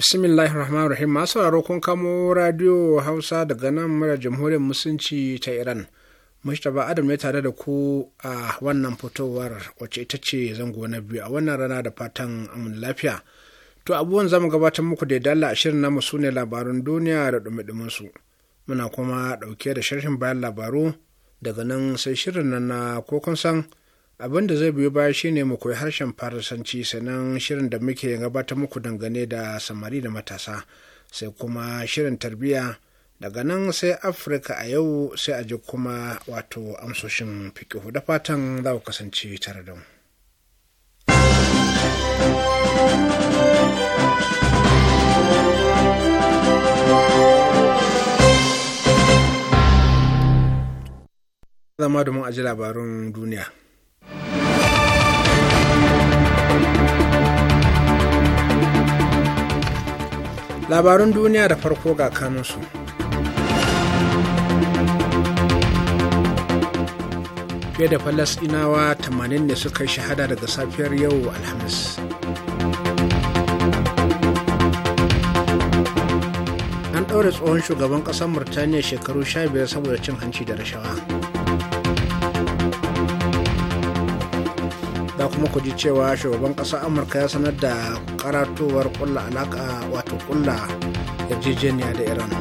bismillahir rahmanir rahim masu sauraro kun kamo radio hausa daga nan mara jamhuriyar musulunci ta iran mustapha adam ne tare da ku a wannan fitowar wacce ita ce zango na biyu a wannan rana da fatan amin lafiya to abubuwan zamu gabatar muku da dalla ashirin namu su ne labarun duniya da dumidumin su muna kuma dauke da sharhin bayan labaru daga nan sai shirin nan na kokon san abin da zai biyo baya shine mu koyi harshen farisanci sannan shirin da muke gabatar muku dangane da samari da matasa sai kuma shirin tarbiyya daga nan sai afirka a yau sai a ji kuma wato amsoshin fikihu da fatan za ku kasance tare da mu zama domin aji labarun duniya labarun duniya da farko ga kanunsu fiye da falasɗinawa 80 ne suka shahada daga safiyar yau alhamis an ɗaure tsohon shugaban ƙasar murtaniya shekaru 15 saboda cin hanci da rashawa kuma ku ji cewa shugaban ƙasar amurka ya sanar da karatowar kulla alaka wato kulla yarjejeniya da iran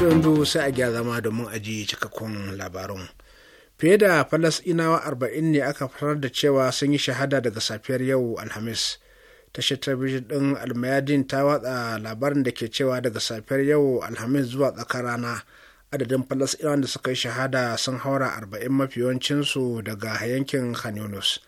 yanzu sai a gya zama domin a aji cikakkun labarun fiye da inawa arba'in ne aka farar da cewa sun yi shahada daga safiyar yau alhamis tashar talabijin din almayadin ta watsa labarin da ke cewa daga safiyar yau alhamis zuwa tsakar rana adadin falasɗinawan da suka yi shahada sun haura arba'in mafi yawancinsu daga yankin khan yunus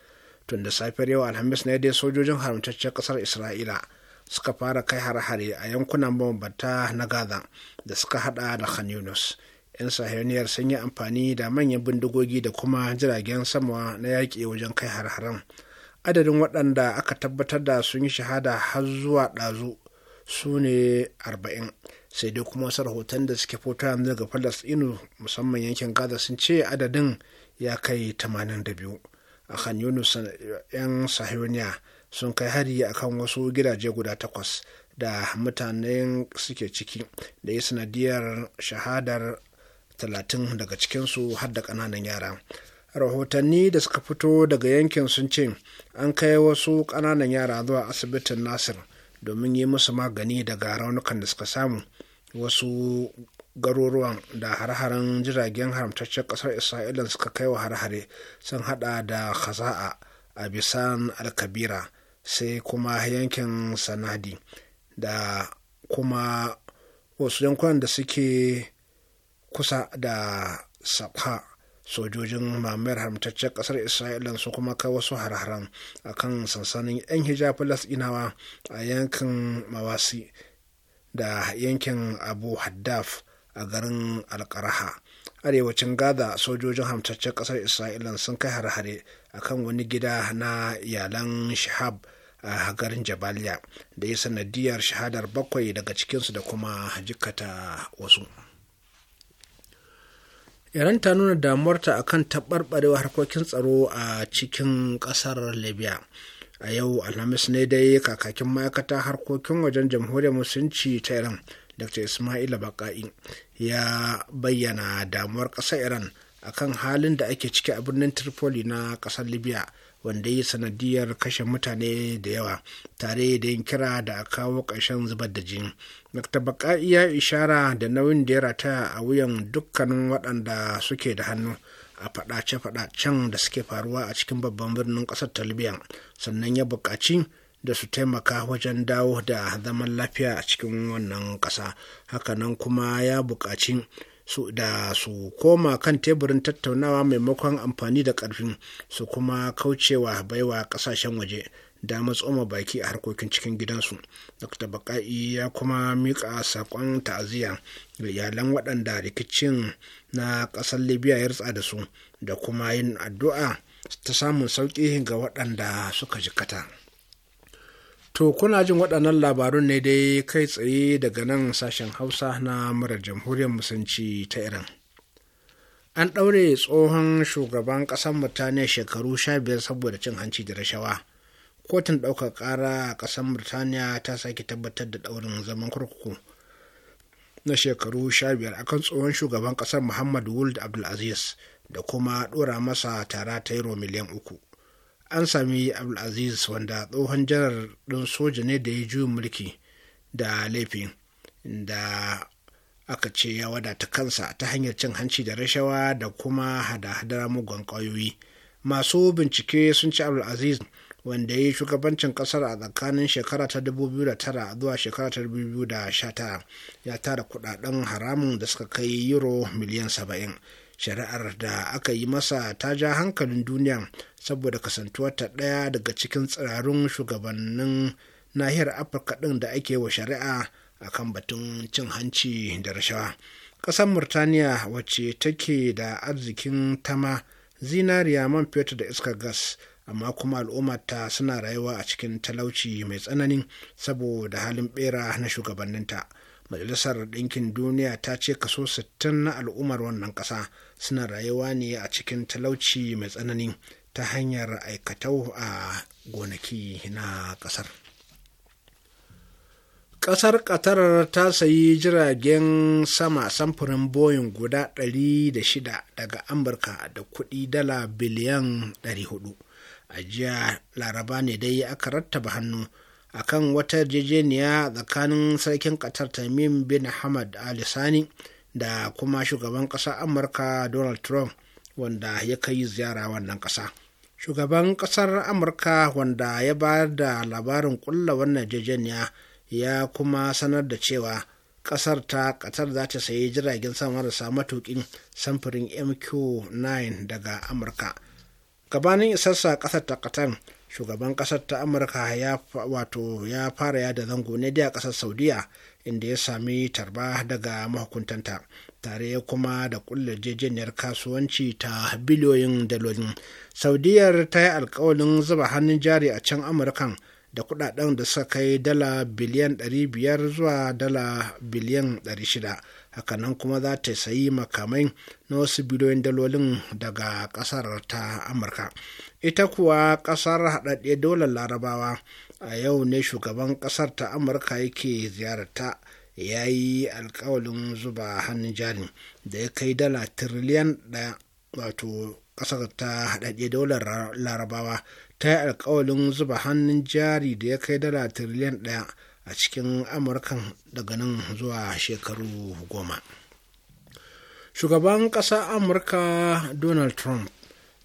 tun da safiyar yau alhamis ne dai sojojin haramtaccen ƙasar isra'ila suka fara kai har-hare a yankunan mabambanta na gaza da suka hada da khan yunus 'yan sahaniyar sun yi amfani da manyan bindigogi da kuma jiragen sama na yaƙi wajen kai har-haren adadin waɗanda aka tabbatar da sun yi shahada har zuwa ɗazu su ne arba'in. sai dai kuma wasu rahoton da suke fito yanzu daga inu musamman yankin gaza sun ce adadin ya kai 82 a kan yunus yan sahiyoniya sun kai hari akan wasu gidaje guda takwas da mutanen suke ciki da ya sanadiyar shahadar 30 daga cikinsu har da kananan yara rahotanni da suka fito daga yankin sun ce an kai wasu kananan yara zuwa asibitin nasir domin yi musu magani daga raunukan da suka samu wasu garuruwan da har jiragen haramtaccen kasar isra'ila suka kai wa har-hare sun hada da khaza'a bisan alkabira sai kuma yankin sanadi da kuma wasu yankunan da suke kusa da sabha sojojin mamayar haramtaccen kasar isra'ila su kuma kai wasu har-haren kan sansanin 'yan hijab a yankin mawasi da yankin abu haddaf a garin alkaraha arewacin gaza sojojin hamtaccen kasar isra'ila sun kai har-hare a kan wani gida na iyalan shahab a garin jabaliya da ya sanadiyar shahadar bakwai daga cikinsu da kuma jikata wasu iran ta nuna damuwarta akan taɓarɓarewa harkokin tsaro a cikin ƙasar libya a yau alhamis ne dai kakakin ma'aikata harkokin wajen jamhuriyar musulunci ta iran dr ismaila baka'i ya bayyana damuwar ƙasar iran akan halin da ake ciki a birnin tripoli na ƙasar libya wanda yi sanadiyar kashe mutane da yawa tare da yin kira da a kawo ƙarshen zubar da jini dr baka'i ya ishara da nauyin da ya rataya a wuyan dukkanin waɗanda suke da hannu a faɗace-faɗacen da suke faruwa a cikin babban birnin ƙasar ta sannan ya buƙaci da su taimaka wajen dawo da zaman lafiya a cikin wannan ƙasa hakanan kuma ya buƙaci su da su koma kan teburin tattaunawa maimakon amfani da ƙarfin su kuma kaucewa baiwa ƙasashen waje da tsoma baki a harkokin cikin gidansu dr baka'i ya kuma mika saƙon ta'aziyya ga iyalan waɗanda rikicin na ƙasar libya ya rutsa da su da kuma yin addu'a ta samun sauƙi ga waɗanda suka jikata to kuna jin waɗannan labarun ne dai kai tsaye daga nan sashen hausa na murar jamhuriyar musanci ta iran an ɗaure tsohon shugaban ƙasar birtaniya shekaru sha biyar saboda cin hanci da rashawa kotun ɗaukar ƙara a ƙasar murtaniya ta sake tabbatar da ɗaurin zaman kurkuku na shekaru sha biyar akan tsohon shugaban ƙasar muhammad wuld abdulaziz da kuma ɗora masa tara ta euro miliyan uku an sami abdulaziz wanda tsohon janar ɗin soja ne da ya juyin mulki da laifin da aka ce ya wadata kansa ta hanyar cin hanci da rashawa da kuma hada-hadar mugun ƙwayoyi masu bincike sun ci abdulaziz wanda ya yi shugabancin kasar a tsakanin shekara ta 2009 zuwa shekara ta 2019 ya tara kudaden haramun da suka kai euro miliyan 70 shari'ar da aka yi masa ta ja hankalin duniya saboda kasantuwarta ɗaya daga cikin tsirarun shugabannin nahiyar afirka ɗin da ake wa shari'a a kan batun cin hanci da rashawa ƙasar murtaniya wacce take da arzikin tama zinariya man fetur da iskar gas amma kuma al'ummarta suna rayuwa a cikin talauci mai tsanani saboda halin bera na shugabanninta majalisar ɗinkin duniya ta ce kaso 60 na al'ummar wannan ƙasa suna rayuwa ne a cikin talauci mai tsanani ta hanyar aikatau a gonaki na ƙasar ƙasar qatar ta sayi jiragen sama samfurin boyin guda 106 daga amurka da kuɗi dala biliyan 400 a jiya laraba ne dai aka rattaba hannu a kan wata yarjejeniya tsakanin sarkin ƙatar tamim bin hamad Ali sani da kuma shugaban ƙasar amurka donald trump wanda ya kai ziyara wannan ƙasa shugaban ƙasar amurka wanda ya bayar da labarin ƙulla wannan jejeniya ya kuma sanar da cewa kasar ta katar za ta sayi jiragen sama marasa matuƙin samfurin mq9 daga amurka gabanin isarsa ƙasar ta katan shugaban ƙasar ta amurka ya wato ya fara yada zango ne a ƙasar saudiya inda ya sami tarba daga mahukuntanta tare kuma da kulle jejeniyar kasuwanci ta biliyoyin dalolin saudiyar ta yi alkawalin zuba hannun jari a can amurkan da kudaden da suka kai dala biliyan 500 zuwa dala biliyan 600 hakanan kuma za ta sayi makamai na wasu biliyoyin dalolin daga kasar ta amurka ita kuwa kasar haɗaɗɗe dolar larabawa a yau ne shugaban kasar ta amurka yake ziyarta ya yi alkawalin zuba hannun jari da ya kai dala tiriliyan ɗaya wato kasar ta haɗaɗɗe dolar larabawa ta yi alkawalin zuba hannun jari da ya kai dala tiriliyan ɗaya a cikin amurkan daga nan zuwa shekaru goma shugaban ƙasa amurka donald trump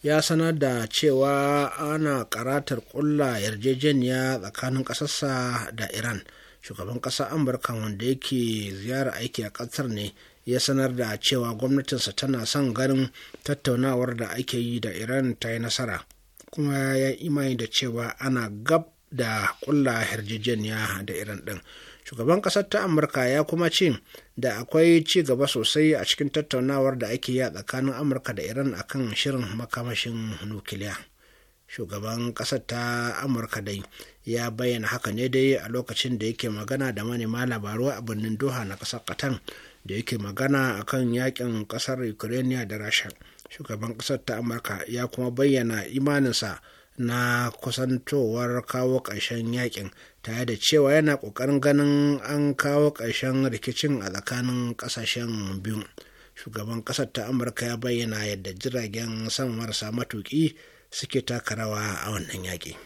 ya sanar da cewa ana karatar ƙulla yarjejeniya tsakanin ƙasarsa da iran shugaban ƙasar amurka wanda yake ziyara aiki a ƙasar ne ya sanar da cewa gwamnatinsa tana son ganin tattaunawar da ake yi da iran ta yi nasara kuma ya imani da cewa ana gab da kulla yarjejeniya da iran ɗin shugaban ƙasar ta amurka ya kuma ce da akwai ci gaba sosai a cikin tattaunawar da ake yi a tsakanin amurka da iran akan shirin makamashin nukiliya shugaban ƙasar ta amurka dai ya bayyana haka ne dai a lokacin da yake magana da manema labaru a birnin doha na ƙasar qatar da yake magana akan yaƙin ƙasar ukraine da rasha shugaban ƙasar ta amurka ya kuma bayyana imaninsa na kusantowar kawo ƙarshen yakin tare da cewa yana ƙoƙarin ganin an kawo ƙarshen rikicin a tsakanin ƙasashen biyu shugaban ƙasar ta amurka ya bayyana yadda jiragen sama marasa matuƙi suke taka rawa a wannan yaƙi.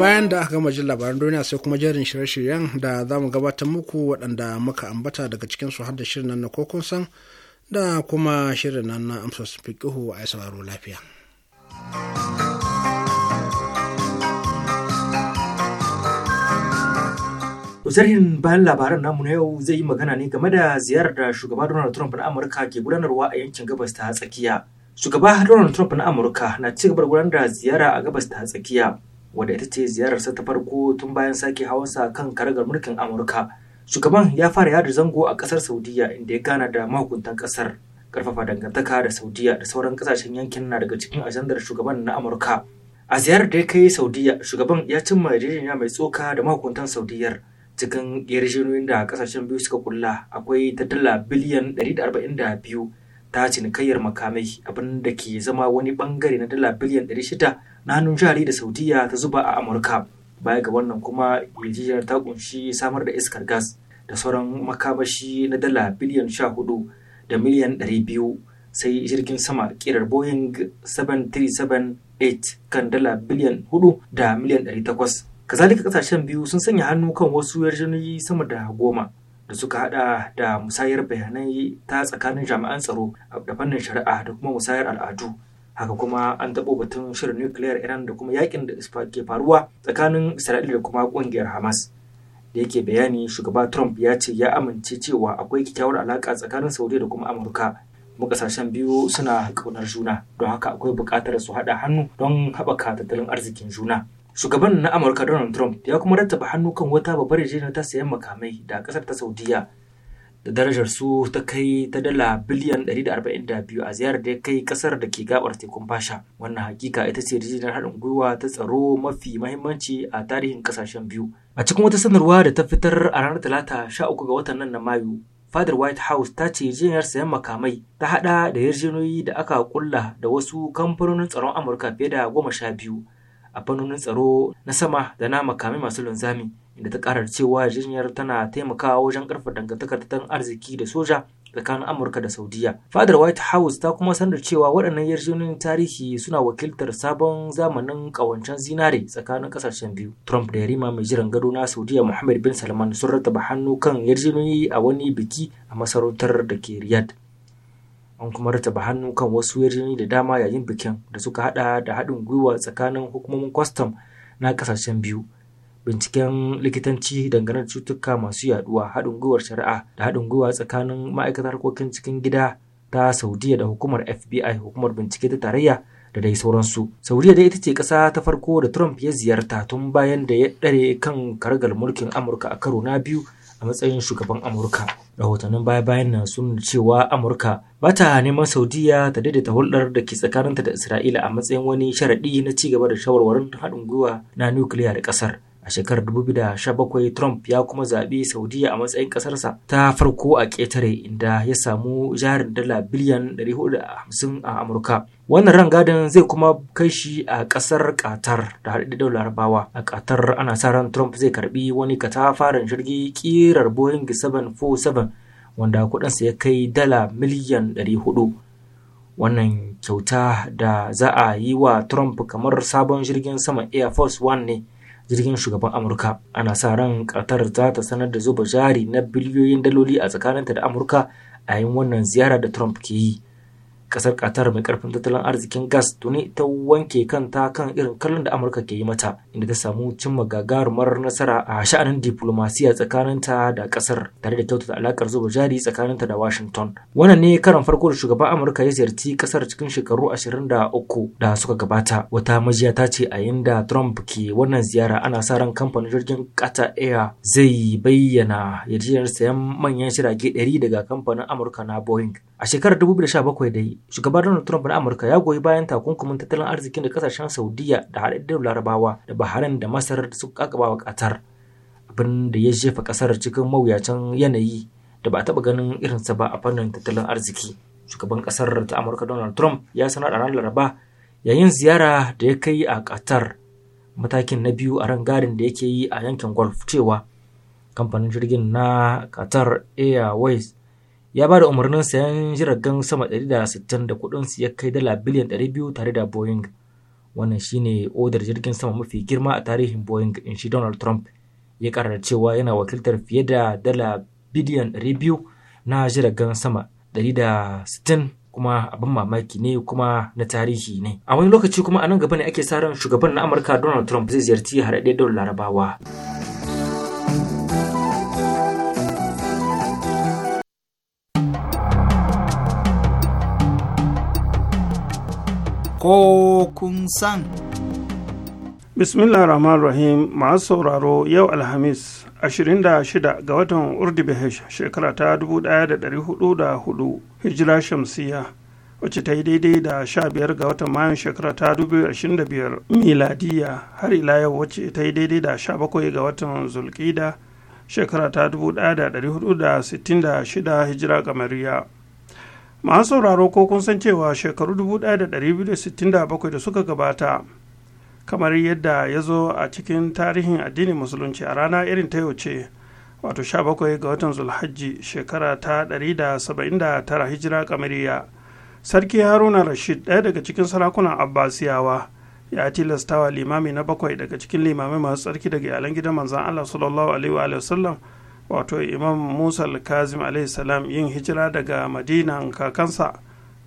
bayan da aka gama jin labaran duniya sai kuma jerin shirye-shiryen da za mu gabatar muku waɗanda muka ambata daga cikin su har da shirin nan na kokon san da kuma shirin nan na amsa su kihu a sauraro lafiya. Zarhin bayan labaran namu na yau zai yi magana ne game da ziyarar da shugaba Donald Trump na Amurka ke gudanarwa a yankin gabas ta tsakiya. Shugaba Donald Trump na Amurka na ci gaba gudanar da ziyara a gabas ta tsakiya wadda ita ce ziyararsa ta farko tun bayan sake hawansa kan karagar mulkin amurka shugaban ya fara yada zango a kasar saudiya inda ya gana da mahukuntan kasar karfafa dangantaka da saudiya da sauran kasashen yankin na daga cikin ajandar shugaban na amurka a ziyarar da ya kai saudiya shugaban ya cimma yarjejeniya mai tsoka da mahukuntan saudiyar cikin yarjejeniyoyin da kasashen biyu suka kulla akwai ta dala biliyan 142 ta cinikayyar makamai abin da ke zama wani bangare na dala biliyan 600 na hannun jari da saudiya ta zuba a amurka baya ga wannan kuma yarjejeniyar ta kunshi samar da iskar gas da sauran makamashi na dala biliyan sha hudu da miliyan ɗari biyu sai jirgin sama kirar boeing 7378 kan dala biliyan hudu da miliyan ɗari takwas kazalika kasashen biyu sun sanya hannu kan wasu yarjejeniyoyi sama da goma da suka hada da musayar bayanai ta tsakanin jami'an tsaro da fannin shari'a da kuma musayar al'adu haka kuma an taɓo batun shirin nukiliyar iran da kuma yakin da ke faruwa tsakanin isra'ila da kuma ƙungiyar hamas da yake bayani shugaba trump ya ce ya amince cewa akwai kyakkyawar alaƙa tsakanin Saudi da kuma amurka kuma ƙasashen biyu suna ƙaunar juna don haka akwai buƙatar su haɗa hannu don haɓaka tattalin arzikin juna shugaban na amurka donald trump ya kuma rattaba hannu kan wata babbar yarjejeniya ta sayan makamai da ƙasar ta saudiya da darajar su ta kai ta dala biliyan 142 a ziyarar da ya kai kasar da ke gabar tekun fasha wannan hakika ita ce rijiyar haɗin gwiwa ta tsaro mafi mahimmanci a tarihin kasashen biyu a cikin wata sanarwa da ta fitar a ranar talata 13 ga watan nan na mayu fadar white house ta ce yarjejeniyar sayan makamai ta hada da yarjinoyi da aka kulla da wasu kamfanonin tsaron amurka fiye da goma sha biyu a fannonin tsaro na sama da na makamai masu linzami inda ta karar cewa yarjejeniyar tana taimakawa wajen karfafa dangantakar tattalin arziki da soja tsakanin amurka da saudiya fadar white house ta kuma sanar cewa waɗannan yarjejeniyoyin tarihi suna wakiltar sabon zamanin ƙawancen zinare tsakanin ƙasashen biyu trump da yarima mai jiran gado na saudiya muhammad bin salman sun rattaba hannu kan yarjejeniyoyi a wani biki a masarautar da ke riyadh an kuma rattaba hannu kan wasu yarjejeniyoyi da dama yayin bikin da suka hada da haɗin gwiwa tsakanin hukumomin kwastam na ƙasashen biyu binciken likitanci dangane da cututtuka masu yaduwa haɗin gwiwar shari'a da haɗin gwiwa tsakanin ma'aikatar harkokin cikin gida ta saudiya da hukumar fbi hukumar bincike ta tarayya da dai sauransu saudiya dai ita ce ƙasa ta farko da trump ya ziyarta tun bayan da ya ɗare kan kargal mulkin amurka a karo na biyu a matsayin shugaban amurka rahotannin baya bayan nan sun cewa amurka ba ta neman saudiya ta daidaita hulɗar da ke tsakaninta da isra'ila a matsayin wani sharaɗi na cigaba da shawarwarin haɗin gwiwa na nukiliya da ƙasar a shekarar 2017 trump ya kuma zaɓi saudiya a matsayin ƙasarsa ta farko a ƙetare inda ya samu jarin dala biliyan 450 a amurka wannan ran gadon zai kuma kai shi a ƙasar qatar da daular larabawa a qatar ana sa ran trump zai karbi wani katafaren jirgi ƙirar boeing 747 wanda kuɗinsa ya kai dala miliyan 400 wannan kyauta da za a yi wa trump kamar sabon jirgin sama air force one ne jirgin shugaban amurka ana sa ran qatar za ta sanar da zuba jari na biliyoyin daloli a tsakaninta da amurka a yin wannan ziyara da trump ke yi kasar qatar mai karfin tattalin arzikin gas tuni ta wanke kanta kan irin kallon da amurka ke yi mata inda ta samu cimma gagarumar nasara a sha'anin diplomasiya tsakaninta da kasar tare da kyautata alakar zuba jari tsakanin ta da washington wannan ne karan farko da shugaban amurka ya ziyarci kasar cikin shekaru 23 da suka gabata wata majiya ta ce a yinda trump ke wannan ziyara ana sa ran kamfanin jirgin qatar air zai bayyana yarjejeniyar sayan manyan shirage 100 daga kamfanin amurka na boeing A shekarar 2017 dai, shugaban Donald Trump na Amurka ya goyi bayan takunkumin tattalin arzikin da kasashen Saudiyya da haɗaɗɗen Larabawa da Bahrain da Masar da suka kakaba wa Qatar, abin da ya jefa ƙasar cikin mawuyacin yanayi da ba a taɓa ganin irinsa ba a fannin tattalin arziki. Shugaban ƙasar ta Amurka Donald Trump ya sanar a ranar Laraba yayin ziyara da ya kai a Qatar matakin na biyu a rangadin da yake yi a yankin Gulf cewa kamfanin jirgin na Qatar Airways ya ba da umarnin sayan jiragen sama 160 da kudin su ya kai dala biliyan 200 tare da boeing wannan shine odar jirgin sama mafi girma a tarihin boeing in shi donald trump ya karar cewa yana wakiltar fiye da dala biliyan 200 na jiragen sama 160 kuma abin mamaki ne kuma na tarihi ne a wani lokaci kuma a nan gaba ne ake sa ran shugaban na amurka donald trump zai ziyarci haɗaɗɗiyar daular larabawa ko kun san. bismillah rahman rahim masu sauraro yau alhamis 26 ga watan urdubihesh shekara ta 1404 hijira shamsiya wacce ta yi daidai da 15 ga watan mayun shekara ta 2025 miladiya har ila yau wacce ta yi daidai da 17 ga watan zulkida shekara ta 1466 hijira gamariya. masu sauraro ko kun san cewa shekaru 1267 da suka gabata kamar yadda ya zo a cikin tarihin addinin musulunci a rana irin ta yau ce wato 17 ga watan zulhajji shekara ta 179 hijira kamariya sarki haruna rashid ɗaya daga cikin sarakunan abbasiyawa ya tilastawa limami na bakwai daga cikin limamai masu tsarki daga iyalan gidan manzan allah sallallahu alaihi wa sallam wato imam musa kazim salam yin hijira daga madina kakansa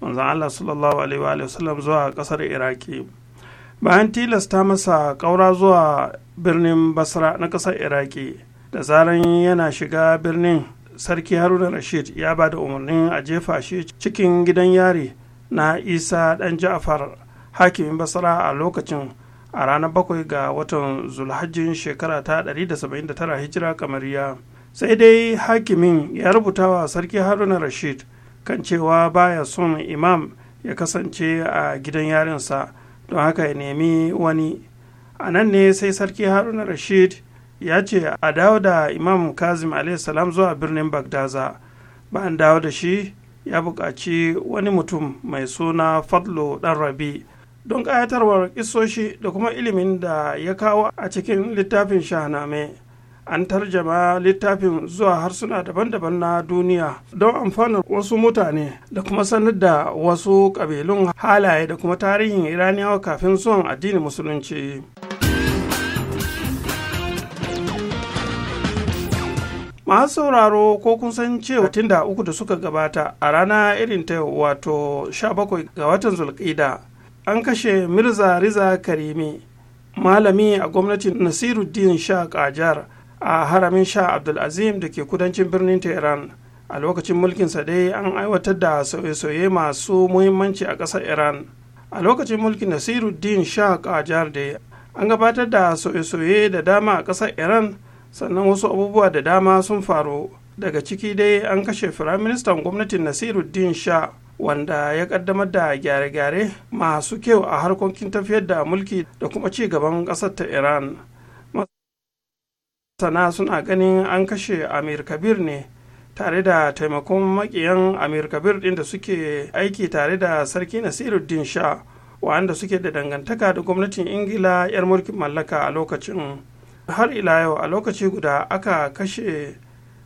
manzan allah sallallahu alaihi wasallam zuwa kasar iraki bayan tilasta masa ƙaura zuwa birnin basra na kasar iraki da zaran yana shiga birnin sarki haruna rashid ya ba da umarnin a jefa shi cikin gidan yari na isa dan ja'far hakimin basra a lokacin a ranar bakwai ga watan zulhajjin shekara ta 179 hijira kamariya sai dai hakimin ya rubuta wa sarki haruna rashid kan cewa baya son imam ya kasance a gidan yarinsa don haka ya nemi wani a nan ne sai sarki haruna rashid ya ce a dawo da imam kazim salam zuwa birnin bagdaza bayan dawo da shi ya buƙaci wani mutum mai suna fadlo ɗan rabi don ƙayatarwar isoshi da kuma ilimin da ya kawo a cikin littafin shahname an tarjama littafin zuwa harsuna daban-daban na duniya don amfanar wasu mutane da kuma sanar da wasu ƙabilun halaye da kuma tarihin iraniyawa kafin zuwan addinin musulunci masu sauraro ko kun san cewa tun da uku da suka gabata a rana irin ta wato 17 ga watan zulkida an kashe mirza riza karimi malami a gwamnatin nasiruddin sha kajar a haramin sha abdulazim da ke kudancin birnin tehran a lokacin mulkinsa dai an aiwatar da sauye-sauye masu muhimmanci a ƙasar iran a lokacin mulkin nasiruddin sha kajar da an gabatar da sauye-sauye da dama a ƙasar iran sannan wasu abubuwa da dama sun faru daga ciki dai an kashe firaministan gwamnatin nasiruddin sha wanda ya kaddamar da gyare-gyare masu kyau a harkokin tafiyar da mulki da kuma ci gaban ƙasar ta iran masana suna ganin an kashe amir kabir ne tare da taimakon makiyan amir kabir ɗin da suke aiki tare da sarki nasiruddin sha wanda suke da dangantaka da gwamnatin ingila 'yar mulkin mallaka a lokacin har ila yau a lokaci guda aka kashe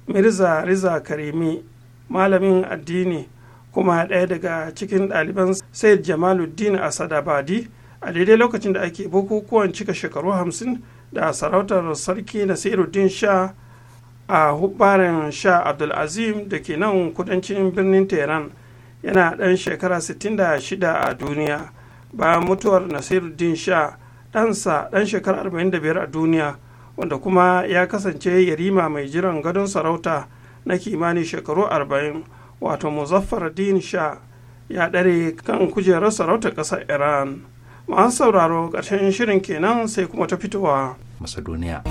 mirza riza karimi malamin addini kuma ɗaya daga cikin ɗaliban said jamaluddin sadabadi a daidai lokacin da ake bukukuwan cika shekaru hamsin da sarautar sarki nasiruddin sha a hubbarin sha abdulazim da ke nan kudancin birnin tehran yana ɗan shekara 66 a duniya bayan mutuwar nasiruddin sha ɗansa ɗan shekara 45 a duniya wanda kuma ya kasance yarima mai jiran gadon sarauta na kimanin shekaru 40 wato muzaffar din sha ya ɗare kan kujerar sarautar ƙasar iran masu sauraro ƙarshen shirin kenan sai kuma ta fitowa macedonia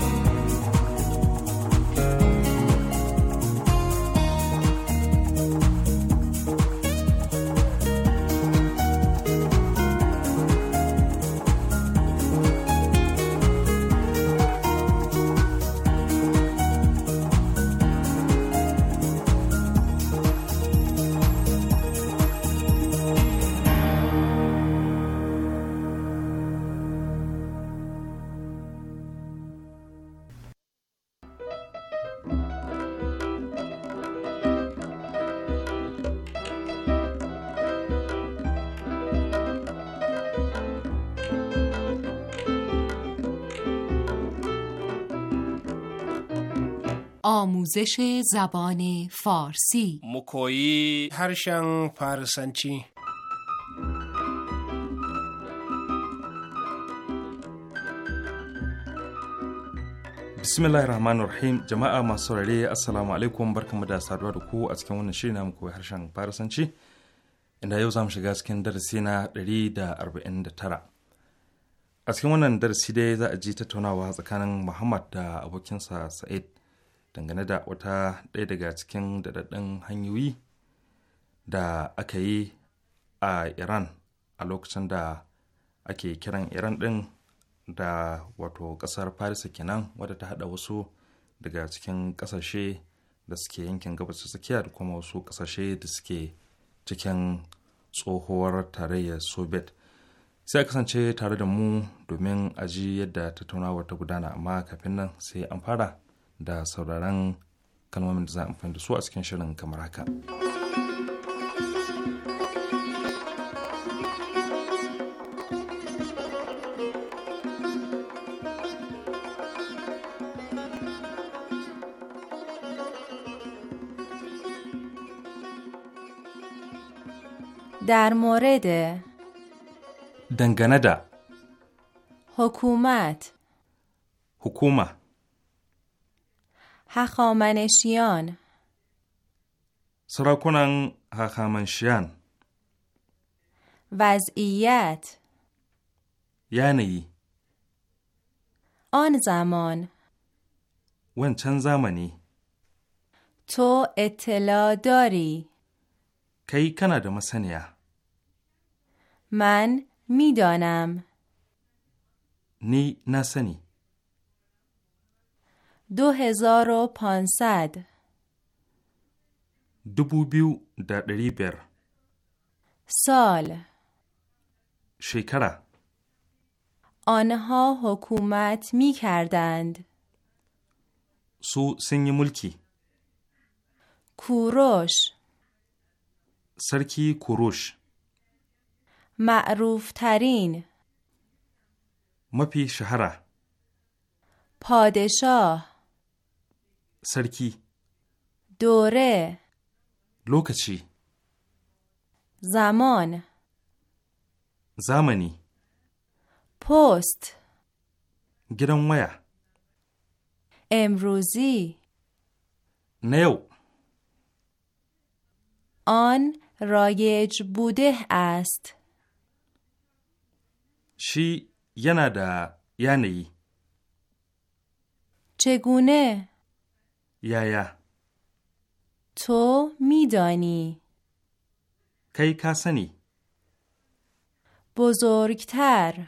آموزش زبان koyi harshen هرشن فارسنچی bismillahir rahmanir rahim jama'a masu saurare assalamu alaikum barkamu da saduwa da ku a cikin wannan shiri namu koyi harshen farisanci inda yau za mu shiga cikin darasi na da arba'in tara a cikin wannan darasi dai za a je tattaunawa tsakanin muhammad da abokinsa sa'id dangane da wata ɗaya daga cikin daɗaɗɗen hanyoyi da aka yi a iran a lokacin da ake kiran iran ɗin da wato ƙasar farisa kenan wadda ta haɗa wasu daga cikin ƙasashe da suke yankin gabas tsakiya da kuma wasu ƙasashe da suke cikin tsohuwar tarayyar soviet sai a kasance tare da mu domin aji yadda tattaunawa ta gudana amma kafin nan sai an fara da sauraron kalmomin da za a amfani da su a cikin shirin kamar haka. در مورد دنگنه حکومت حکومت هخامنشیان سراکنن هخامنشیان وضعیت یعنی آن زمان چند زمانی تو اطلاع داری کی کانادا مسنیا من میدانم نی نسنی دو هزار در بر سال شکره آنها حکومت می کردند سو سنگ ملکی کوروش سرکی کوروش معروف ترین مپی شهره پادشاه سرکی دوره لوکچی زمان زمانی پست گرم امروزی نیو آن رایج بوده است شی ینا یعنی چگونه یا تو میدانی کی کسنی بزرگتر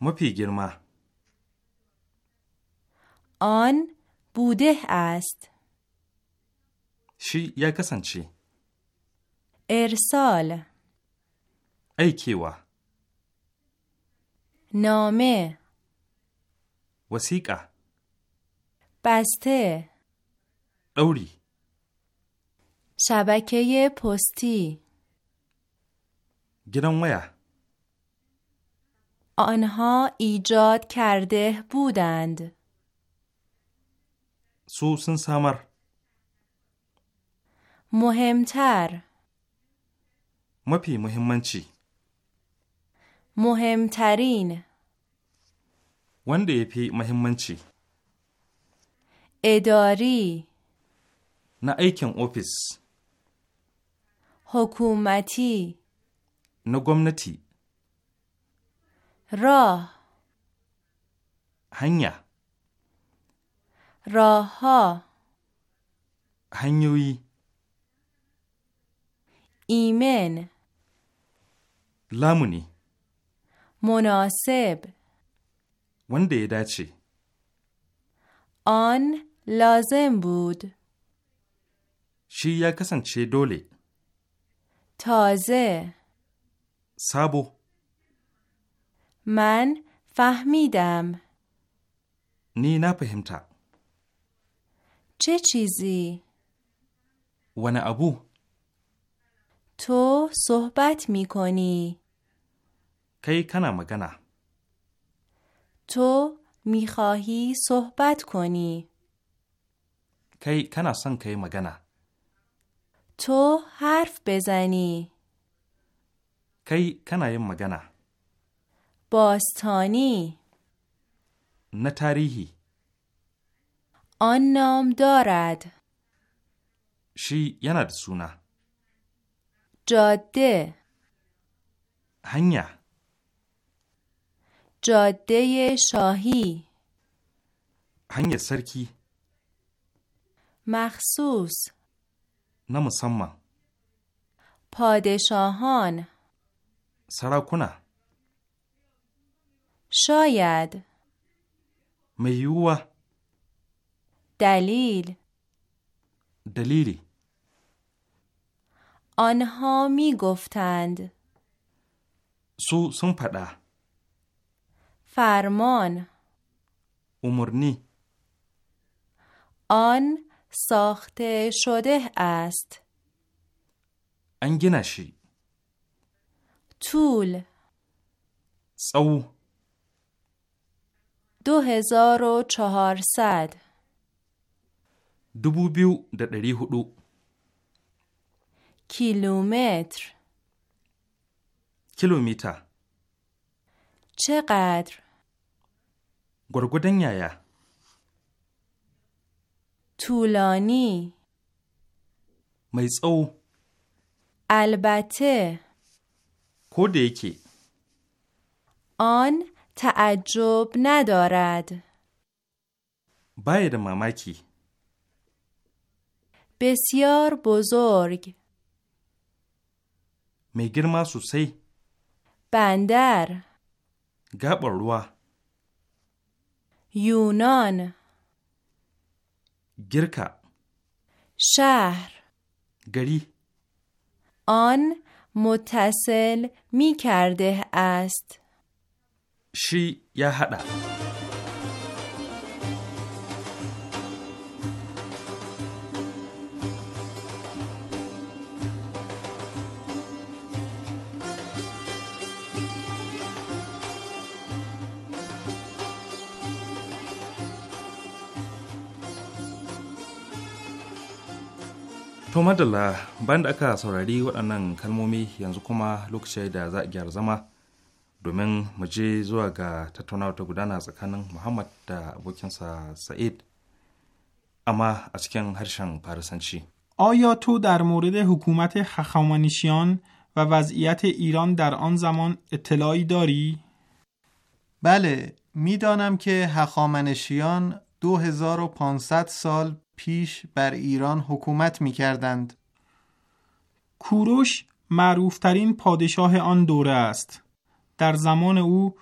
مپیگرما آن بوده است شی یا کسن چی ارسال ای کیوا نامه وسیقه بسته اولی شبکه پستی گرانویا آنها ایجاد کرده بودند سوسن سامر. مهمتر مپی مهمنچی مهمترین ونده پی fi Edori. na aikin ofis hukumati na gwamnati ra hanya raha hanyoyi imen lamuni munasib wanda ya dace on لازم بود شی یا کسنچه دوله تازه سابو من فهمیدم نی نپهمتا چه چیزی؟ ون ابو تو صحبت می کنی کی کنا مگنا تو خواهی صحبت کنی کی کنا سن کی مگنا تو حرف بزنی کی کنا یم مگنا باستانی نه آن نام دارد شی یند سونا جاده هنیا جاده شاهی هنگ سرکی مخصوص نه مسمم پادشاهان سراکونه شاید میوه دلیل دلیلی آنها می گفتند سو سن فرمان امرنی آن ساخته شده است انگنشی نشی طول سو دو هزار و چهارصد سد بیو در ɗari حدو کیلومتر کیلومتر چقدر گرگودن یا. طولانی میز او البته کودکی آن تعجب ندارد باید ماماکی بسیار بزرگ میگر ما سوسی بندر گابروا یونان گرکا شهر گری آن متصل می کرده است شی یا هده To madalla bayan da aka saurari waɗannan kalmomi yanzu kuma lokaci da za a gyara zama domin mu je zuwa ga tattaunawa ta gudana tsakanin Muhammad da abokinsa Sa'id amma a cikin harshen Farisanci. آیا تو در مورد حکومت خخامنشیان و وضعیت ایران در آن زمان اطلاعی داری؟ بله میدانم که هخامنشیان 2500 سال پیش بر ایران حکومت می کردند. کوروش معروفترین پادشاه آن دوره است. در زمان او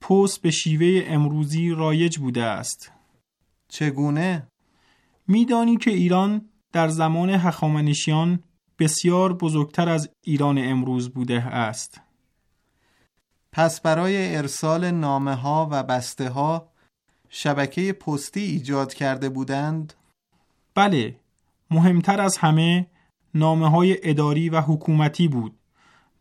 پست به شیوه امروزی رایج بوده است. چگونه؟ میدانی که ایران در زمان هخامنشیان بسیار بزرگتر از ایران امروز بوده است. پس برای ارسال نامه ها و بسته ها شبکه پستی ایجاد کرده بودند؟ بله مهمتر از همه نامه های اداری و حکومتی بود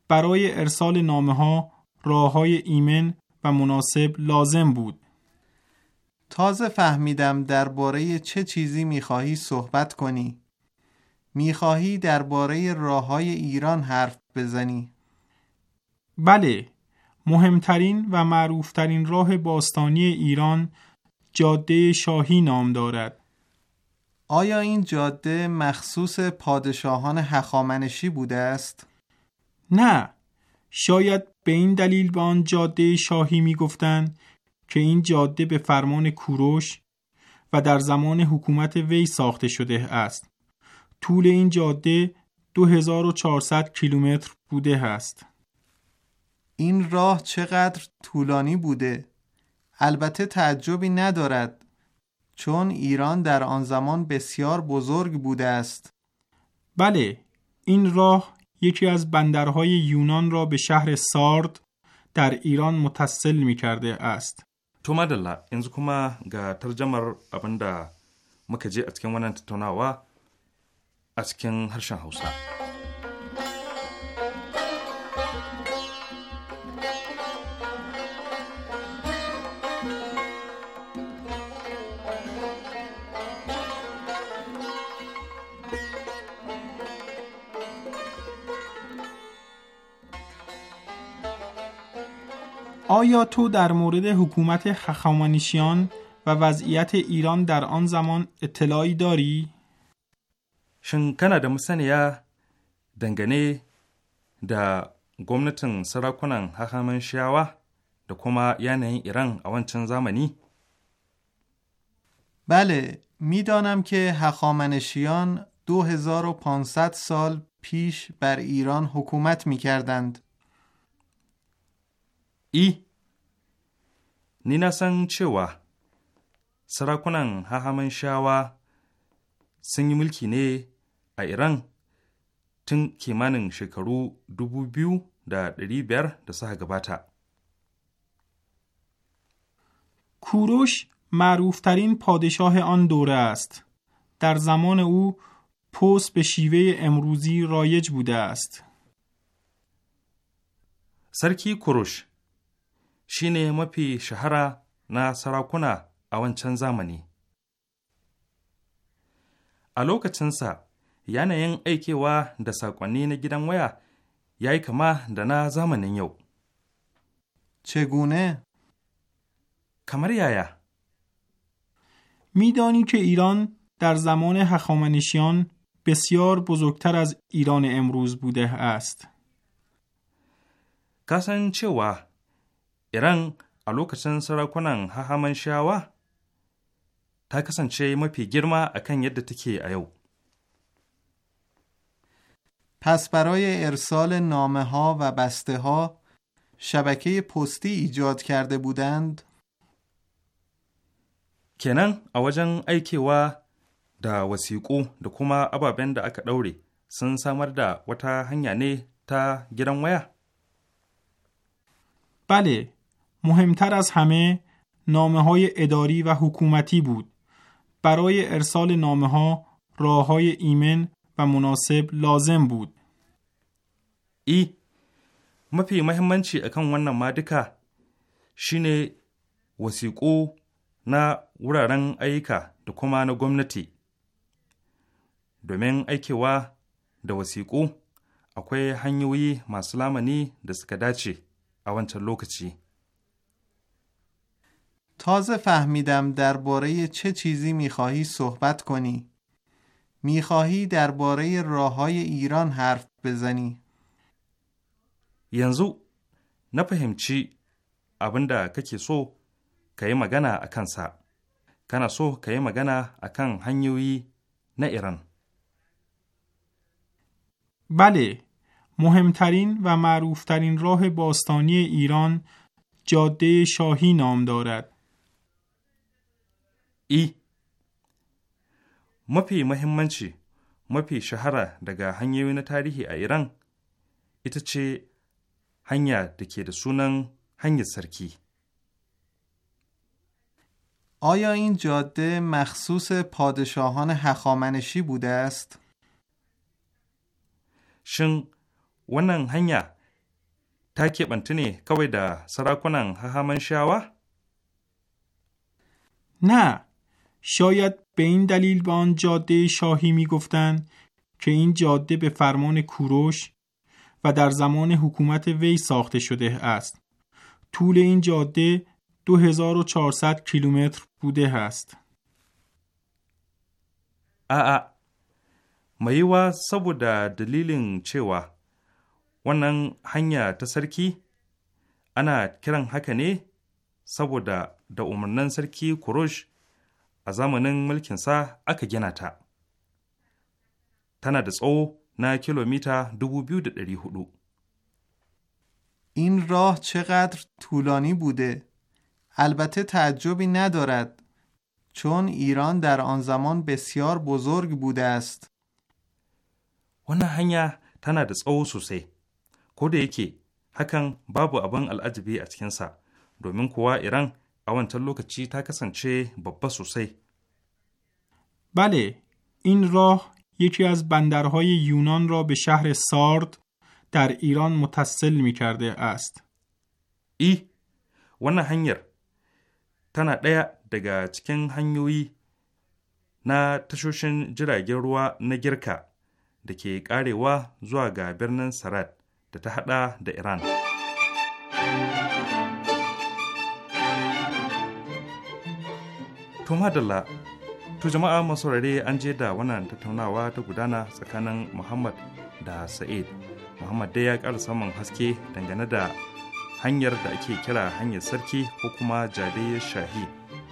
برای ارسال نامه ها راه های ایمن و مناسب لازم بود تازه فهمیدم درباره چه چیزی میخواهی صحبت کنی میخواهی درباره راه های ایران حرف بزنی بله مهمترین و معروفترین راه باستانی ایران جاده شاهی نام دارد آیا این جاده مخصوص پادشاهان هخامنشی بوده است؟ نه شاید به این دلیل به آن جاده شاهی میگفتند که این جاده به فرمان کوروش و در زمان حکومت وی ساخته شده است طول این جاده 2400 کیلومتر بوده است این راه چقدر طولانی بوده البته تعجبی ندارد چون ایران در آن زمان بسیار بزرگ بوده است بله این راه یکی از بندرهای یونان را به شهر سارد در ایران متصل می کرده است تو مدلا این زکومه گا ترجمر ابنده مکجی اتکن ونن تتوناوا اتکن هرشن حوصه آیا تو در مورد حکومت خخامنشیان و وضعیت ایران در آن زمان اطلاعی داری؟ شن کنا دنگنه در dangane da gwamnatin sarakunan دکوما یعنی ایران اوانچن زمانی؟ بله میدانم که هخامنشیان 2500 سال پیش بر ایران حکومت می کردند. ای نینا سن چوا سراکنن ههمن شاوا sun yi ایران ne a Iran tun در دری 2,500 da suka کوروش معروفترین پادشاه آن دوره است. در زمان او پست به شیوه امروزی رایج بوده است. سرکی کوروش Shi ne mafi shahara na sarakuna a wancan zamani. A lokacinsa, yanayin aikewa da saƙonni na gidan waya ya yi kama da na zamanin yau. ne. kamar yaya میدانی که ایران در زمان هخامنشیان بسیار بزرگتر از ایران امروز بوده است. کسان cewa. Iran a lokacin sarakunan Hahaman Shawa ta kasance mafi girma akan yadda take a yau. پس برای ارسال نامه ها و بسته ها شبکه پستی ایجاد کرده a wajen aikewa da wasiƙu da kuma ababen da aka ɗaure sun samar da wata hanya ne ta gidan waya? Bale, مهمتر از همه نامه های اداری و حکومتی بود. برای ارسال نامه ها راه های ایمن و مناسب لازم بود. mafi mahimmanci akan wannan ma duka shine wasiƙu na wuraren ayyuka da kuma na gwamnati domin aikewa da wasiƙu akwai hanyoyi masu lamani da suka dace a wancan lokaci تازه فهمیدم درباره چه چیزی میخواهی صحبت کنی. میخواهی درباره راه های ایران حرف بزنی. ینزو نپهم چی؟ ککی سو که بله، مهمترین و معروفترین راه باستانی ایران جاده شاهی نام دارد. E. mafi mahimmanci mafi shahara daga hanyoyi na tarihi a Iran ita ce hanya da ke da sunan hanyar sarki. آیا این جاده مخصوص پادشاهان هخامنشی بوده است؟ Shin wannan hanya ta keɓanta ne kawai da sarakunan hahaman shawa? نه شاید به این دلیل به آن جاده شاهی میگفتند که این جاده به فرمان کوروش و در زمان حکومت وی ساخته شده است. طول این جاده 2400 کیلومتر بوده است. a'a mai yiwa saboda dalilin cewa wannan hanya ta sarki ana kiran haka ne saboda da sarki a zamanin mulkin sa aka gina ta. Tana da tsawo na kilomita 2,400. In راه چقدر طولانی bude, albata تعجبی ندارد چون ایران در آن زمان بسیار بزرگ بوده است wannan hanya tana da tsawo sosai ko da yake hakan babu abin al'ajabi a cikinsa domin kuwa iran a wancan lokaci ta kasance babba sosai. Bale, این راه یکی از بندرهای یونان را به شهر سارد در ایران متصل می کرده است. ای wannan hanyar tana ɗaya daga cikin hanyoyi na tashoshin jiragen ruwa na girka da ke ƙarewa zuwa ga birnin sarat da ta haɗa da iran To madalla, to jama'a masu an je da wannan tattaunawa ta gudana tsakanin Muhammad da Sa'id. Muhammad dai ya ƙara samun haske dangane da hanyar da ake kira hanyar sarki ko kuma jadiyar shahi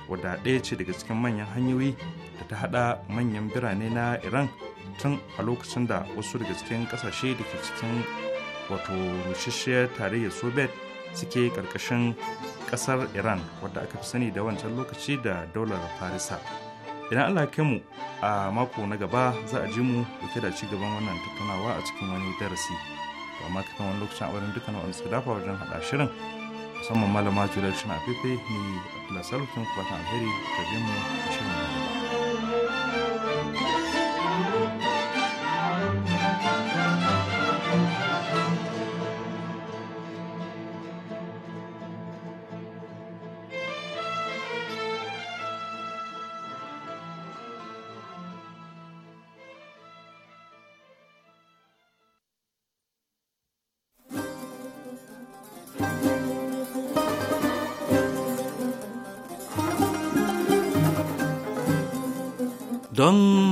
wadda ɗaya ce daga cikin manyan hanyoyi da ta haɗa manyan birane na Iran tun a lokacin da wasu daga cikin ƙasashe da ke cikin wato rushishiyar tarayyar Soviet suke ƙarƙashin kasar iran wadda aka fi sani da wancan lokaci da daular farisa idan allah kai mu a mako na gaba za a ji mu dauke da ci gaban wannan tattaunawa a cikin wani darasi amma kafin wani lokacin a dukkan wani su dafa wajen haɗa shirin musamman malama julia cin afefe ne abdullahi salukin fatan alheri da mu a shirin gaba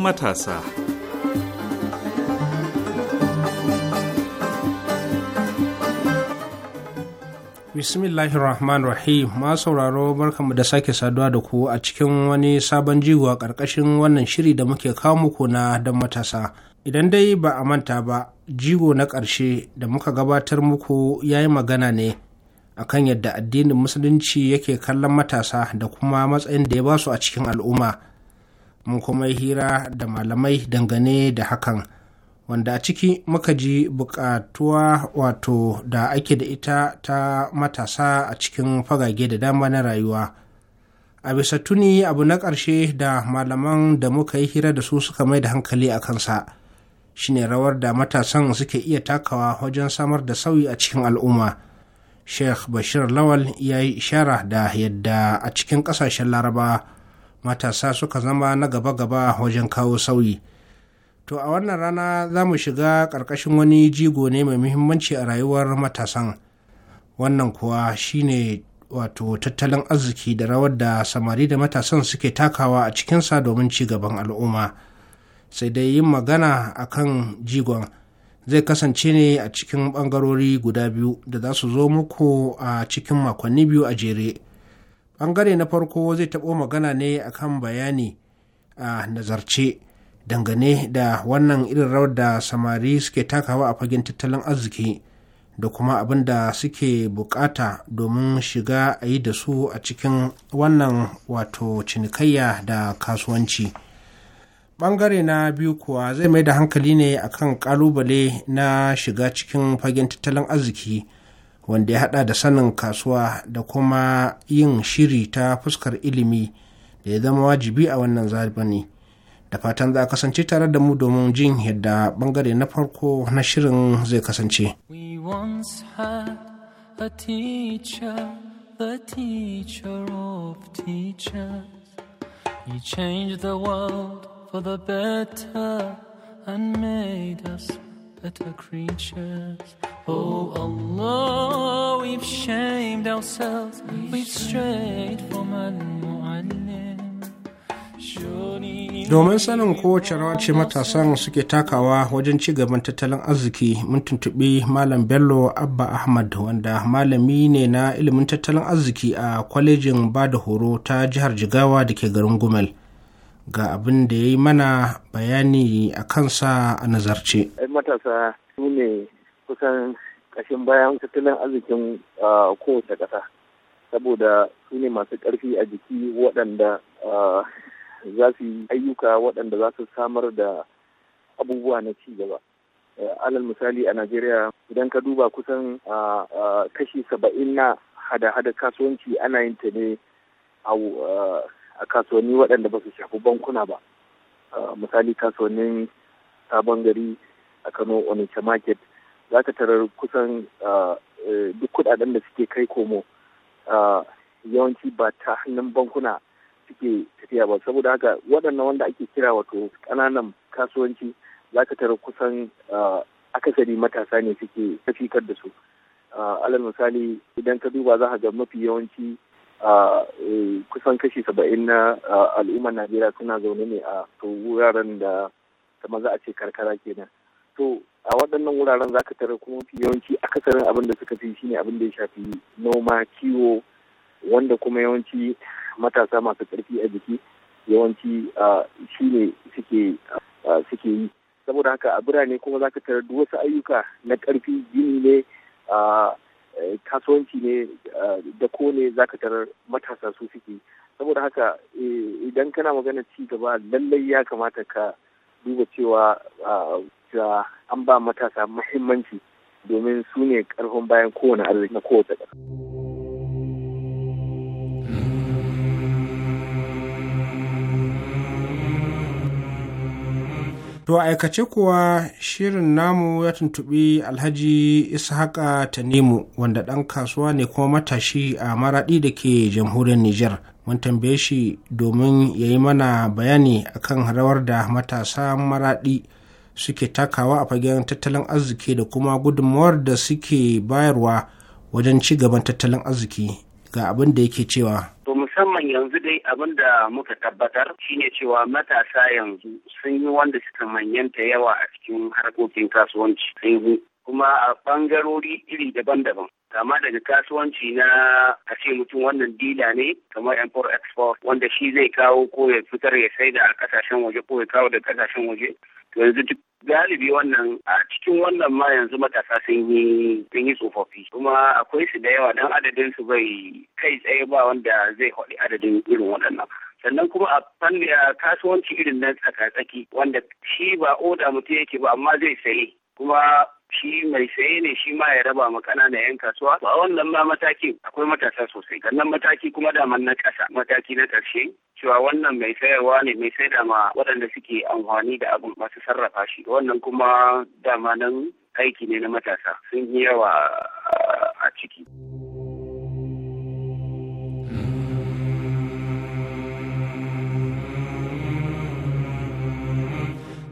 matasa. Bismillahir Rahmanir Rahim, ma sauraro barkamu da sake saduwa da ku a cikin wani sabon jigo a ƙarƙashin wannan shiri da muke kawo muku na don matasa. Idan dai ba a manta ba, jigo na ƙarshe da muka gabatar muku ya yi magana ne akan yadda addinin musulunci yake kallon matasa da kuma matsayin da ya basu a cikin al'umma. mun kuma yi hira da malamai dangane da hakan wanda a ciki muka ji bukatuwa wato da ake da ita ta matasa a cikin fagage da dama na rayuwa a bisa tuni abu na ƙarshe da malaman da muka yi hira da su suka mai da hankali a kansa shine rawar da matasan suke iya takawa wajen samar da sauyi a cikin al'umma sheikh bashir lawal ya yi ishara da yadda a cikin ƙasashen laraba matasa suka zama na gaba-gaba wajen kawo sauyi to a wannan rana za mu shiga ƙarƙashin wani jigo ne mai muhimmanci a rayuwar matasan wannan kuwa shi ne wato tattalin arziki da rawar da samari da matasan suke takawa a cikinsa domin ci gaban al'umma sai dai yin magana a kan jigon zai kasance ne a cikin ɓangarori guda biyu da za su zo muku a cikin makonni biyu a jere. bangare na farko zai taɓo magana ne akan bayani a nazarce dangane da wannan irin rawar da samari suke takawa a fagen tattalin arziki da kuma abin da suke bukata domin shiga a yi da su a cikin wannan wato cinikayya da kasuwanci bangare na biyu kuwa zai mai da hankali ne akan kalubale na shiga cikin fagen tattalin arziki wanda ya hada da sanin kasuwa da kuma yin shiri ta fuskar ilimi da ya zama wajibi a wannan ne da fatan za a kasance tare da mu domin jin yadda bangare na farko na shirin zai kasance He the world for the better and made Oh Allah, we've shamed ourselves, we've strayed from al-mu'allim. Domin sanin kowace rawa ce matasan suke takawa wajen ci gaban tattalin arziki mun tuntuɓi Malam Bello Abba Ahmad wanda malami ne na ilimin tattalin arziki a kwalejin bada horo ta jihar Jigawa da ke garin Gumel. ga abin da ya yi mana bayani a kansa a nazarce. matasa kusan kashin bayan tattalin arzikin kowace ƙasa saboda su ne masu ƙarfi a jiki waɗanda za su yi ayyuka waɗanda za su samar da abubuwa na ci gaba alal misali a najeriya idan ka duba kusan kashi saba'in na hada-hada kasuwanci ana yin ta ne a kasuwanni waɗanda ba su shafi bankuna ba misali kasuwannin sabon gari a kano onitsha market za ka tarar kusan e, duk kudaden da suke kai komo yawanci ba ta hannun bankuna suke tafiya ba saboda haka waɗannan wanda ake kira wato ƙananan kasuwanci za ka tarar kusan akasari matasa ne suke tafikar da su alal misali idan ka duba za ka ga mafi yawanci e, kusan kashi saba'in na al'ummar najeriya suna zaune ne a wuraren da kamar za a ce karkara kenan to a waɗannan wuraren za ka tara kuma fi yawanci akasarin abin da suka fi shi ne abin da ya shafi noma kiwo wanda kuma yawanci matasa masu ƙarfi a jiki yawanci shi ne suke yi saboda haka a birane kuma za ka tara duk wasu ayyuka na ƙarfi gini ne eh, kasuwanci ne da ko ne za ka tarar matasa su suke saboda haka eh, idan kana magana ci gaba lallai ya kamata ka duba cewa cewa an ba matasa muhimmanci domin su ne karfin bayan kowane arziki na kowace ƙasa. To aikace kuwa shirin namu ya tuntuɓi Alhaji Ishaqa Tanimu wanda ɗan kasuwa ne kuma matashi a maraɗi da ke jamhuriyar Nijar. Mun tambaye shi domin ya yi mana bayani akan rawar da matasa maraɗi suke takawa a fagen tattalin arziki da kuma gudunmawar da suke bayarwa wajen ci gaban tattalin arziki ga abin da yake cewa. To musamman yanzu dai abin da muka tabbatar shine cewa matasa yanzu sun yi wanda suka manyanta yawa a cikin harkokin kasuwanci. Kuma a ɓangarori iri daban-daban. kama daga kasuwanci na a ce mutum wannan dila ne kamar import export wanda shi zai kawo ko ya fitar ya sai da a kasashen waje ko ya kawo da kasashen waje to yanzu duk galibi wannan a cikin wannan ma yanzu matasa sun yi sun yi tsofaffi kuma akwai su da yawa dan adadin su bai kai tsaye ba wanda zai haɗi adadin irin waɗannan sannan kuma a fanni kasuwanci irin na tsaka-tsaki wanda shi ba oda mutum yake ba amma zai sayi. kuma shi mai saye ne shi ma ya raba ma ƙananan 'yan kasuwa a wannan ma matakin akwai matasa sosai wannan mataki kuma daman na ƙasa mataki na ƙarshe cewa wannan mai sayarwa ne mai da ma waɗanda suke amfani da abin masu sarrafa shi wannan kuma dama nan aiki ne na matasa sun yi yawa a ciki.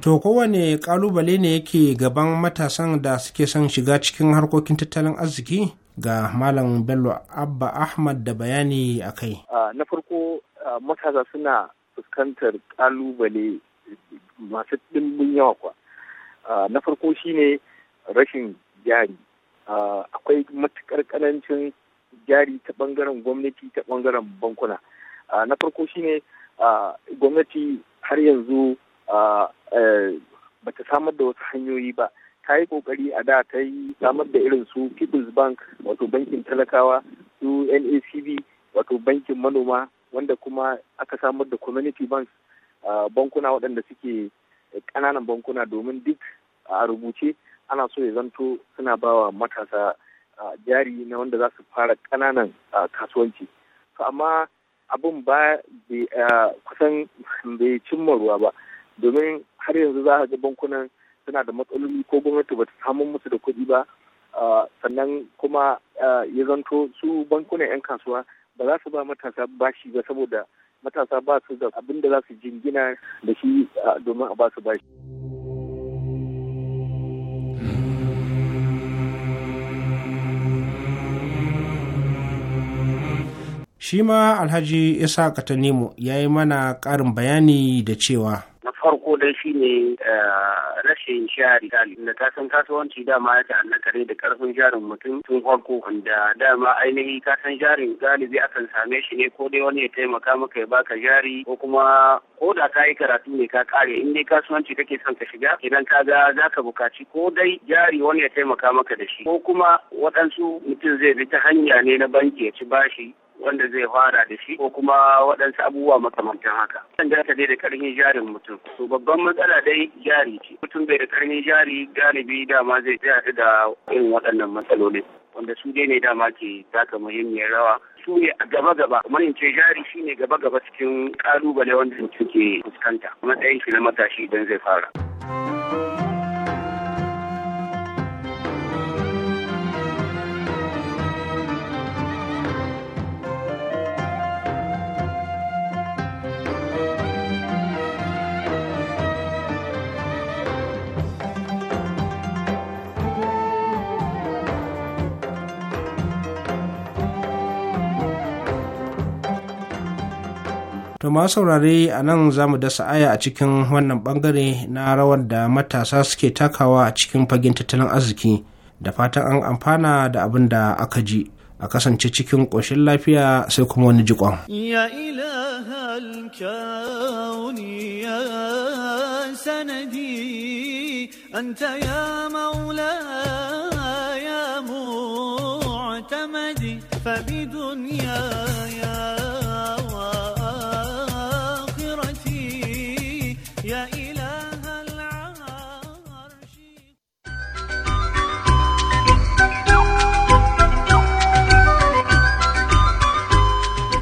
To kowane kalubale ne yake gaban matasan da suke son shiga cikin harkokin tattalin arziki ga Malam Bello Abba Ahmad da bayani a kai. Na farko matasa suna fuskantar kalubale masu ɗimbin yawa kwa. Na farko shine rashin jari. Akwai matuƙar ƙarancin jari ta ɓangaren gwamnati ta ɓangaren bankuna. Na farko shine gwamnati har yanzu Eh, bata samar da wasu hanyoyi ba ta yi kokari a da ta yi samar da irin su people's bank wato bankin talakawa su nacb wato bankin manoma wanda kuma aka samar da community banks ah, bankuna waɗanda suke ƙananan bankuna domin duk a rubuce ana so ya zanto suna bawa matasa ah, jari na wanda za su fara ƙananan ah, kasuwanci amma abin ba kusan bai cimma ruwa ba domin har yanzu za a ga bankunan suna da matsaloli ko gwamnati ba ta samu musu da kuɗi ba sannan kuma ya zanto su bankunan 'yan kasuwa ba za su ba matasa bashi ba saboda matasa ba su da abin da za su jingina da shi domin a ba su bashi. Shi ma Alhaji Isa Katanimu ya yi mana ƙarin bayani da cewa na farko dai shi ne eh, rashin jari dali da ka san kasuwanci dama ya ta'allaka ne da karfin jarin mutum tun farko wanda dama ainihi kasan san jarin galibi akan same shi ne ko dai wani ya taimaka maka ya baka jari ko kuma ko da ka yi karatu ne ka kare in dai kasuwanci kake son ka shiga idan ka ga za ka buƙaci. ko dai jari wani ya taimaka maka da shi ko kuma waɗansu mutum zai bi ta hanya ne na banki ya ci bashi wanda zai fara da shi ko kuma waɗansu abubuwa makamantan haka. Zan ta dai da ƙarni jarin mutum. To babban matsala dai jari ce. Mutum bai da ƙarni jari galibi dama zai tsaya da irin waɗannan matsaloli. Wanda su dai ne dama ke taka muhimmiyar rawa su ne a gaba-gaba kuma in ce jari shi ne gaba-gaba cikin ƙalubale wanda mutum ke fuskanta matsayin shi na matashi idan zai fara. To ma saurare a nan za mu dasa aya a cikin wannan bangare na rawar da matasa suke takawa a cikin fagen tattalin arziki da fatan an amfana da abin da aka ji a kasance cikin ƙoshin lafiya sai kuma wani jikon. Ya ya sanadi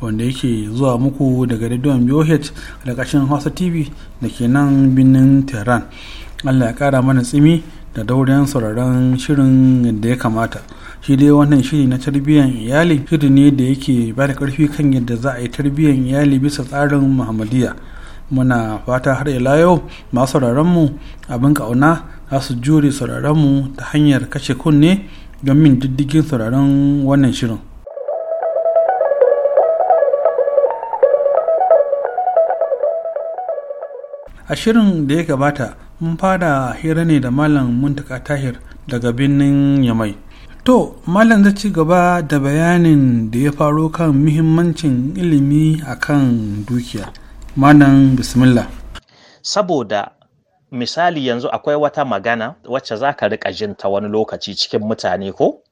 wanda yake zuwa muku daga rediyon BOH da kashin Hausa TV da ke nan birnin Tehran. Allah ya kara mana tsimi da daurin sauraron shirin da ya kamata. Shi dai wannan shiri na tarbiyyar iyali shiri ne da yake ba da karfi kan yadda za a yi tarbiyyar iyali bisa tsarin Muhammadiyya. Muna fata har ila yau sauraron mu abin kauna za su jure mu ta hanyar kashe kunne don min diddigin sauraron wannan shirin. a shirin da ya gabata mun fara hira ne da malam muntaka tahir daga birnin yamai to malam zai ci gaba da bayanin da ya faro kan muhimmancin ilimi a kan dukiya malam bismillah saboda misali yanzu akwai wata magana wacce za ka riƙa jin ta wani lokaci cikin mutane ko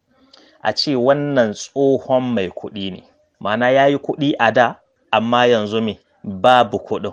a ce wannan tsohon mai kuɗi ne ma'ana ya yi kuɗi a da amma yanzu me babu kuɗin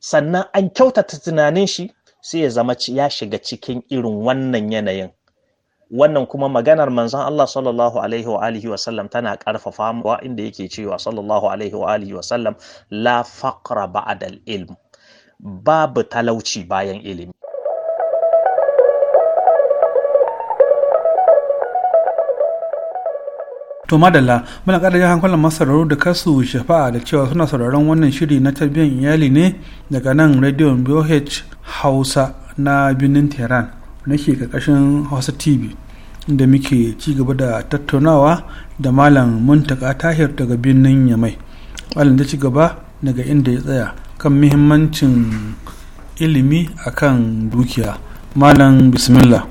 sannan an kyautata tunanin shi sai ya zama ya shiga cikin irin wannan yanayin wannan kuma maganar manzon Allah sallallahu alaihi wa alihi wa sallam tana karfafa wa inda yake cewa sallallahu alaihi wa alihi wa sallam la faqra ba'da al-ilm babu talauci bayan ilimi To madalla muna kada jan hankalin masararru da kasu shafa'a da cewa suna sauraron wannan shiri na tarbiyyar iyali ne daga nan rediyon BOH Hausa na binin Tehran na ke ƙarƙashin Hausa TV da muke ci gaba da tattaunawa da Malam Muntaka Tahir daga birnin Yamai. Malam da ci gaba daga inda ya tsaya kan muhimmancin ilimi akan dukiya. Malam Bismillah.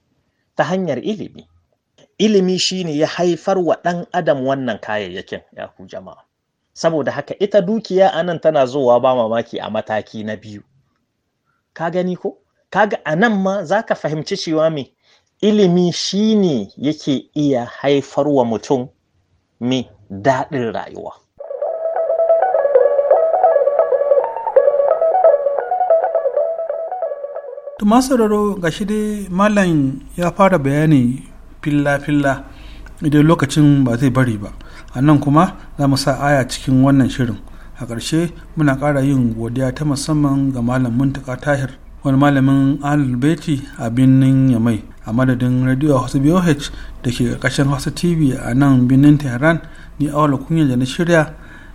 ta hanyar ilimi ilimi shi ne ya haifar wa ɗan adam wannan kayayyakin ya ku jama'a saboda haka ita dukiya a nan tana zuwa ba mamaki a mataki na biyu ka gani ko kaga a nan ma za ka fahimci cewa me ilimi shi ne yake iya haifar wa mutum me daɗin rayuwa to masu raro ga shi dai malam ya fara bayani filla-filla idan lokacin ba zai bari ba a nan kuma za mu sa aya cikin wannan shirin a ƙarshe muna ƙara yin godiya ta musamman ga malam muntaka tahir wani malamin alibeti a birnin yamai a madadin radio hausa boh da ke ƙarƙashin hausa tv a nan birnin tehran ni awala kunya da na shirya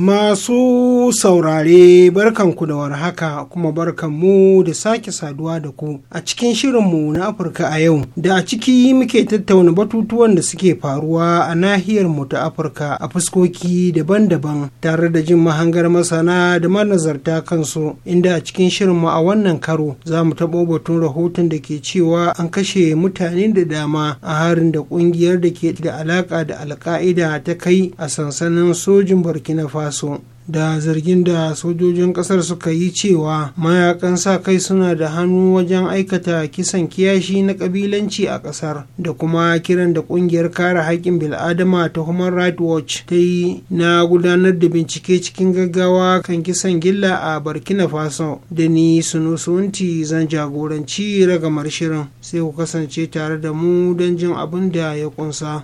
Masu saurare barkanku da warhaka kuma barkanmu da sake saduwa da ku a cikin shirin mu na Afirka a yau da a ciki muke tattauna batutuwan da suke faruwa a nahiyar mu ta Afirka a fuskoki daban-daban tare da jin mahangar masana da manazarta kansu inda a cikin shirinmu a wannan karo za mu taɓo batun rahoton da ke cewa an kashe mutane da dama a harin da ƙungiyar da ke da alaƙa da alka'ida ta kai a sansanin sojin Burkina Faso. su da zargin da sojojin kasar suka yi cewa mayakan sa kai suna da hannu wajen aikata kisan kiyashi na kabilanci a kasar da kuma kiran da kungiyar kare haƙƙin bil'adama ta human rights watch ta yi na gudanar da bincike cikin gaggawa kan kisan gilla a burkina faso da ni sunusunti zan jagoranci ragamar shirin sai ku kasance tare da mu don jin abin da ya kunsa.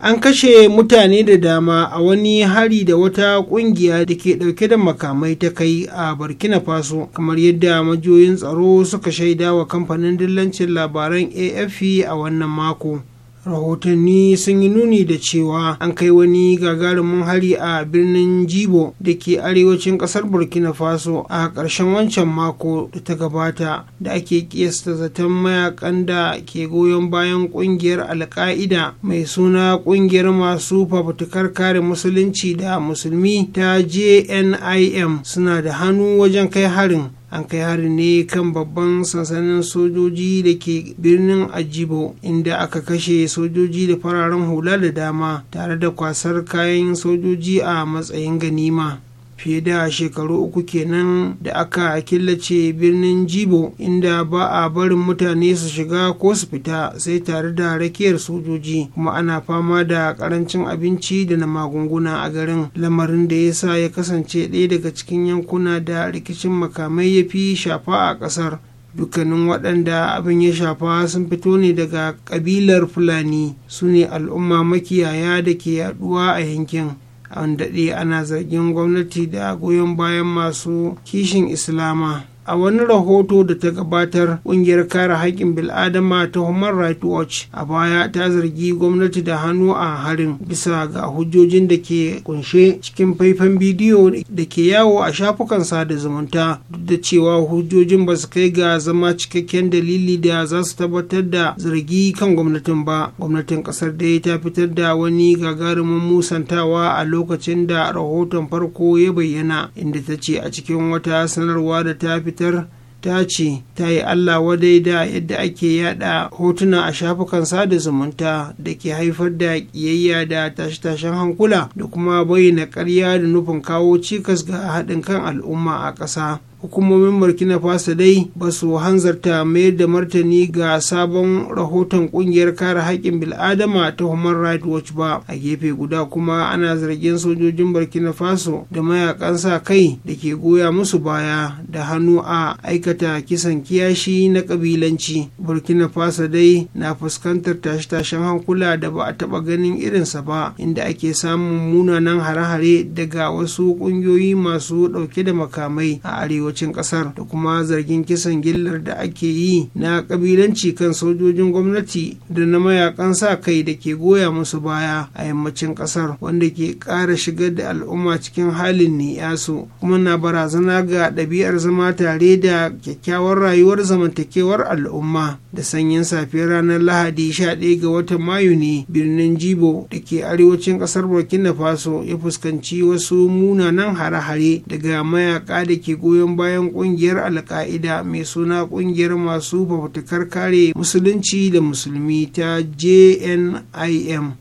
an kashe mutane da dama a wani hari da wata kungiya da ke dauke da makamai ta kai a burkina faso kamar yadda majoyin tsaro suka shaida wa kamfanin dillancin labaran afp a wannan mako rahotanni sun yi nuni da cewa an kai wani gagarumin hari a birnin jibo da ke arewacin kasar burkina faso a ƙarshen wancan mako da ta gabata da ake kiyasta zaton mayakan da ke goyon bayan ƙungiyar alka'ida mai suna ƙungiyar masu fafutukar kare musulunci da musulmi ta jnim suna da hannu wajen kai harin an kai hari ne kan babban sansanin sojoji da ke birnin ajibo inda aka kashe sojoji da fararen hula da dama tare da kwasar kayan sojoji a matsayin ganima fiye da shekaru uku kenan da aka killace birnin jibo inda ba a barin mutane su shiga ko su fita sai tare da rakiyar sojoji kuma ana fama da karancin abinci da na magunguna a garin lamarin da ya sa ya kasance ɗaya daga cikin yankuna da rikicin makamai ya fi shafa a ƙasar dukkanin waɗanda abin ya shafa sun fito ne daga ƙabilar fulani su ne al'umma makiyaya da ke yaduwa a yankin an daɗe ana zargin gwamnati da goyon bayan masu kishin islama a wani rahoto da ta gabatar kungiyar kare haƙƙin bil'adama ta human rights watch a baya ta zargi gwamnati da hannu a harin bisa ga hujjojin da ke kunshe cikin faifan bidiyo da ke yawo a shafukan sa da zumunta duk da cewa hujjojin ba su kai ga zama cikakken dalili da za su tabbatar da zargi kan gwamnatin ba gwamnatin kasar dai ta fitar da wani gagarumin musantawa a lokacin da rahoton farko ya bayyana inda ta ce a cikin wata sanarwa da ta fitar fitar ta ce ta yi Allah wadai da yadda ake yada hotuna a shafukan sada zumunta da ke haifar da kiyayya da tashe-tashen hankula da kuma bayyana karya da nufin kawo cikas ga haɗin kan al'umma a ƙasa. hukumomin burkina faso dai ba su hanzarta mayar da martani ga sabon rahoton kungiyar kare haƙƙin bil'adama ta human rights watch ba a gefe guda kuma ana zargin sojojin burkina faso da mayakan sa kai da ke goya musu baya da hannu a aikata kisan kiyashi na kabilanci burkina faso dai na fuskantar tashe-tashen hankula da ba a taɓa ganin irinsa ba inda ake samun munanan hare-hare daga wasu ƙungiyoyi masu ɗauke da makamai a arewa arewacin kasar da kuma zargin kisan gillar da ake yi na kabilanci kan sojojin gwamnati da na mayakan sa kai da ke goya musu baya a yammacin kasar wanda ke ƙara shigar da al'umma cikin halin yasu kuma na barazana ga ɗabi'ar zama tare da kyakkyawar rayuwar zamantakewar al'umma da sanyin safiyar ranar lahadi 11 ga watan mayu ne birnin jibo da ke arewacin kasar burkina faso ya fuskanci wasu munanan hare-hare daga mayaka da ke goyon bayan kungiyar alka'ida mai suna kungiyar masu fafutukar kare musulunci da musulmi ta jnim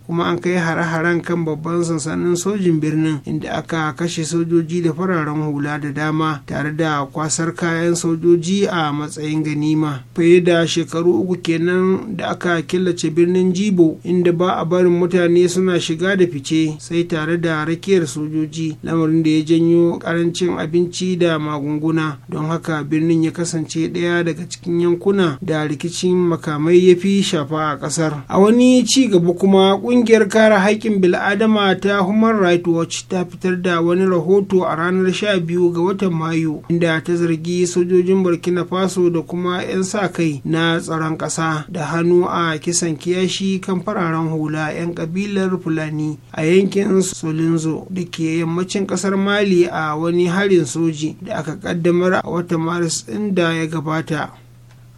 kuma an kai hare-haren kan babban sansanin sojin birnin inda aka kashe sojoji da fararen hula da dama tare da kwasar kayan sojoji a matsayin ganima fiye da shekaru uku kenan da aka killace birnin jibo inda ba a barin mutane suna shiga da fice sai tare da rakiyar sojoji lamarin da ya janyo karancin abinci da magungun magunguna don haka birnin ya kasance ɗaya daga cikin yankuna da rikicin makamai ya fi shafa a ƙasar a wani ci gaba kuma ƙungiyar kare haƙƙin bil'adama ta human rights watch ta fitar da wani rahoto a ranar 12 ga watan mayu inda ta zargi sojojin burkina faso da kuma 'yan sa kai na tsaron ƙasa da hannu a kisan kiyashi kan fararen hula 'yan kabilar fulani a yankin solinzo da ke yammacin ƙasar mali a wani harin soji da aka kaddamar a watan maris ɗin da ya gabata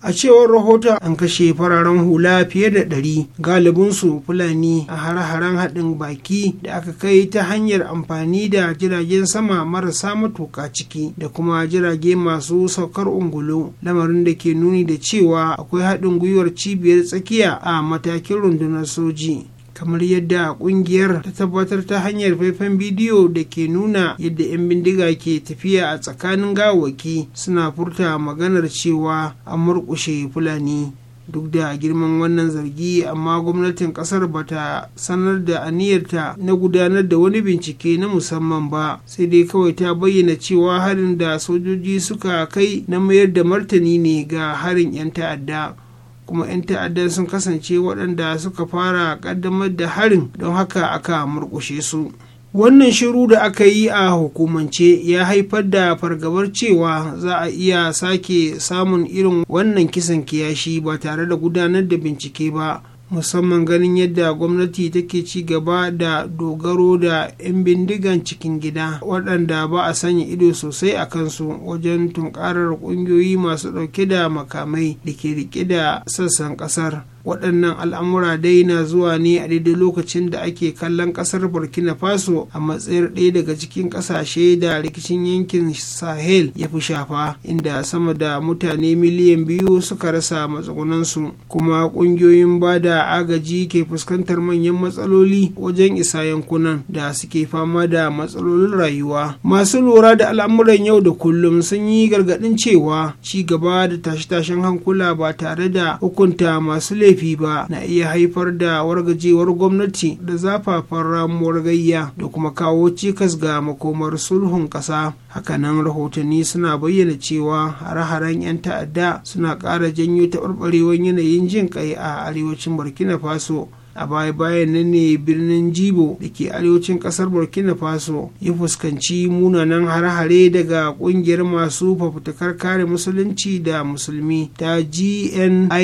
a cewar rahoton an kashe fararen hula fiye da ɗari galibinsu fulani a har haren haɗin baki da aka kai ta hanyar amfani da jiragen sama marasa matuƙa ciki da kuma jirage masu saukar ungulu lamarin da ke nuni da cewa akwai haɗin gwiwar cibiyar tsakiya a matakin rundunar soji kamar yadda kungiyar ta tabbatar ta hanyar faifan bidiyo da ke nuna yadda 'yan bindiga ke tafiya a tsakanin gawaki suna furta maganar cewa an murkushe fulani duk da girman wannan zargi amma gwamnatin kasar bata sanar da aniyarta na gudanar da wani bincike na musamman ba sai dai kawai ta bayyana cewa harin da sojoji suka kai na mayar da martani ne ga harin 'yan ta'adda kuma 'yan ta'adda sun kasance waɗanda suka fara ƙaddamar da harin don haka aka murƙushe su wannan shiru da aka yi a hukumance ya haifar da fargabar cewa za a iya sake samun irin wannan kisan kiyashi ba tare da gudanar da bincike ba musamman ganin yadda gwamnati take ci gaba da dogaro da 'yan bindigan cikin gida waɗanda ba a sanya ido sosai a kansu wajen tunkarar ƙungiyoyi masu ɗauke da makamai da ke riƙe da sassan ƙasar waɗannan al'amura dai na zuwa ne a daidai lokacin da ake kallon ƙasar burkina faso a matsayar ɗaya daga cikin ƙasashe da rikicin yankin sahel ya fi shafa inda sama da mutane miliyan biyu suka rasa matsugunansu kuma ƙungiyoyin ba da agaji ke fuskantar manyan matsaloli wajen isa yankunan da suke fama da matsalolin rayuwa masu lura da al'amuran yau da kullum sun yi gargaɗin cewa ci gaba da tashe-tashen hankula ba tare da hukunta masu laifin laifi ba na iya haifar da wargajewar gwamnati da zafafan ramuwar gayya da kuma kawo cikas ga makomar sulhun ƙasa hakanan rahotanni suna bayyana cewa hare-haren 'yan ta'adda suna ƙara janyo taɓarɓarewar yanayin jin ƙai a arewacin burkina faso a baya bayan nan ne birnin jibo da ke arewacin kasar burkina faso ya fuskanci munanan hare-hare daga kungiyar masu fafutukar kare musulunci da musulmi ta gnim a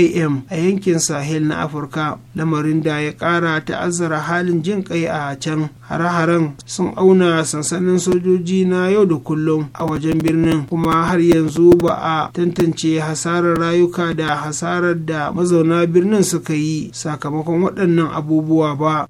yankin sahel na afirka lamarin da ya kara ta'azzara halin jin kai a can hare-haren sun auna sansanin sojoji na yau da kullum a wajen birnin kuma har yanzu ba a tantance hasarar rayuka da hasarar da mazauna birnin suka yi sakamakon waɗannan waɗannan abubuwa ba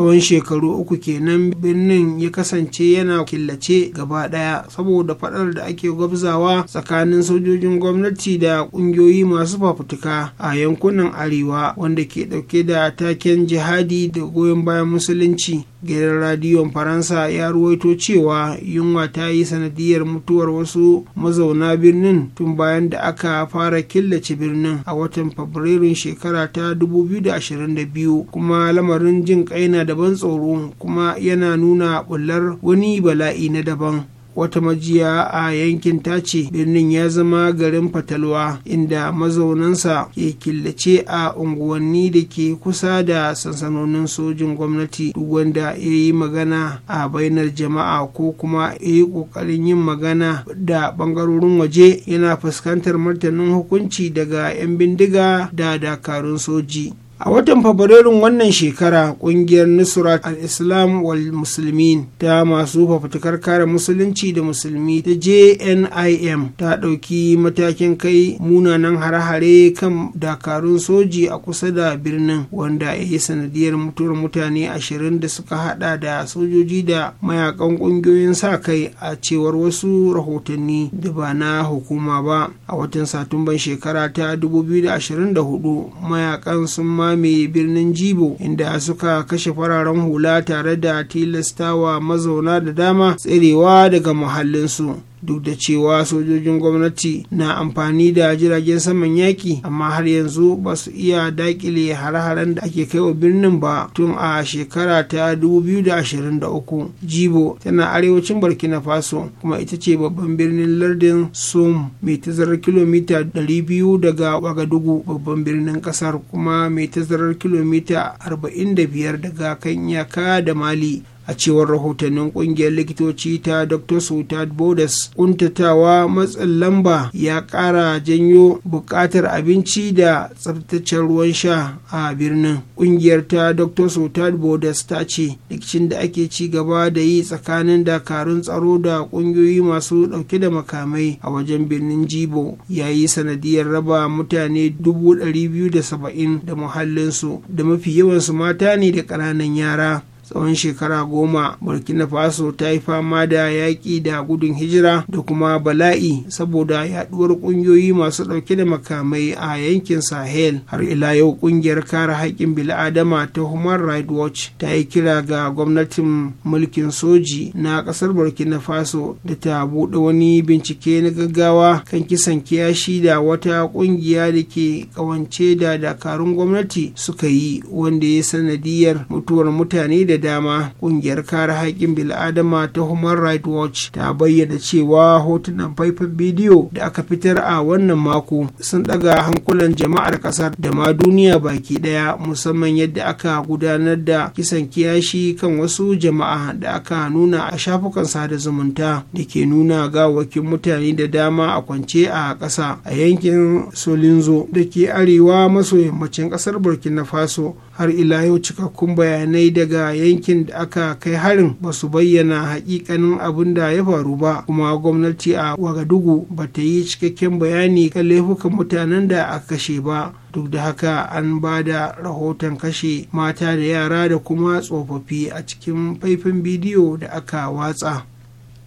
tsawon shekaru uku kenan birnin ya kasance yana killace gaba daya saboda faɗar da ake gwabzawa tsakanin sojojin gwamnati da ƙungiyoyi masu fafutuka a yankunan arewa wanda ke ɗauke da taken jihadi da goyon bayan musulunci gidan radiyon faransa ya ruwaito cewa yunwa ta yi sanadiyar mutuwar wasu mazauna birnin tun bayan da aka fara killace birnin a watan fabrairun shekara ta 2022 kuma lamarin jin kaina daban tsoro kuma yana nuna bullar wani bala'i na daban wata majiya a yankin ta ce birnin ya zama garin fatalwa inda mazaunansa ke killace a unguwanni da ke kusa da sansanonin sojin gwamnati duk wanda ya yi magana a bainar jama'a ko kuma ya yi kokarin yin magana da bangarorin waje yana fuskantar martanin hukunci daga 'yan bindiga da dakarun soji a watan fabrairun wannan shekara ƙungiyar nusrat al-islam wal muslimin ta masu fafutukar kare musulunci da musulmi ta jnim ta ɗauki matakin kai munanan hare-hare kan dakarun soji a kusa da birnin wanda ya yi sanadiyar mutuwar mutane ashirin da suka hada da sojoji da mayakan ƙungiyoyin sa kai a cewar wasu rahotanni da ba na hukuma ba a watan satumban shekara ta 2024 mayakan sun ma Mai birnin jibo inda suka kashe fararen hula tare da tilastawa mazauna da dama tserewa daga muhallinsu duk da cewa sojojin gwamnati na amfani da jiragen saman yaki amma har yanzu ba su iya daƙile hare-haren da ake kai wa birnin ba tun a shekara ta 2023 jibo tana arewacin burkina faso kuma ita ce babban birnin lardin sum mai tazarar kilomita 200 daga wagadugu babban birnin kasar kuma mai tazarar kilomita 45 daga kan iyaka da mali a cewar rahotannin kungiyar likitoci ta dr sultan bodas kuntatawa matsin lamba ya kara janyo bukatar abinci da tsabtacen ruwan sha a birnin kungiyar ta dr sultan bodas ta ce rikicin da ake ci gaba da yi tsakanin dakarun tsaro da kungiyoyi masu dauke da makamai a wajen birnin jibo ya yi sanadiyar raba mutane 270 da muhallinsu da mafi yawansu mata ne da ƙananan yara tsawon shekara goma burkina faso ta yi fama da yaƙi da gudun hijira da kuma bala'i saboda yaɗuwar ƙungiyoyi masu ɗauke da makamai a yankin sahel har ila yau ƙungiyar kare haƙƙin bil'adama ta human rights watch ta yi kira ga gwamnatin mulkin soji na ƙasar burkina faso da ta buɗe wani bincike na gaggawa kan kisan kiyashi da wata ƙungiya da ke ƙawance da dakarun gwamnati suka yi wanda ya sanadiyar mutuwar mutane da dama kungiyar kare haƙƙin bil'adama ta human rights watch ta bayyana cewa hotunan faifan bidiyo da aka fitar a wannan mako sun ɗaga hankulan jama'ar ƙasar da ma duniya baki ɗaya musamman yadda aka gudanar da kisan kiyashi kan wasu jama'a da aka nuna a shafukan sada zumunta da ke nuna gawakin mutane da dama a kwance a ƙasa a yankin solinzo da ke arewa maso yammacin ƙasar burkina faso har ila yau cikakkun bayanai daga yankin yankin da aka kai harin ba su bayyana hakikanin abin da ya faru ba kuma gwamnati a wagadugu ba ta yi cikakken bayani kan laifukan mutanen da aka kashe ba duk da haka an ba da rahoton kashe mata da yara da kuma tsofaffi a cikin faifin bidiyo da aka watsa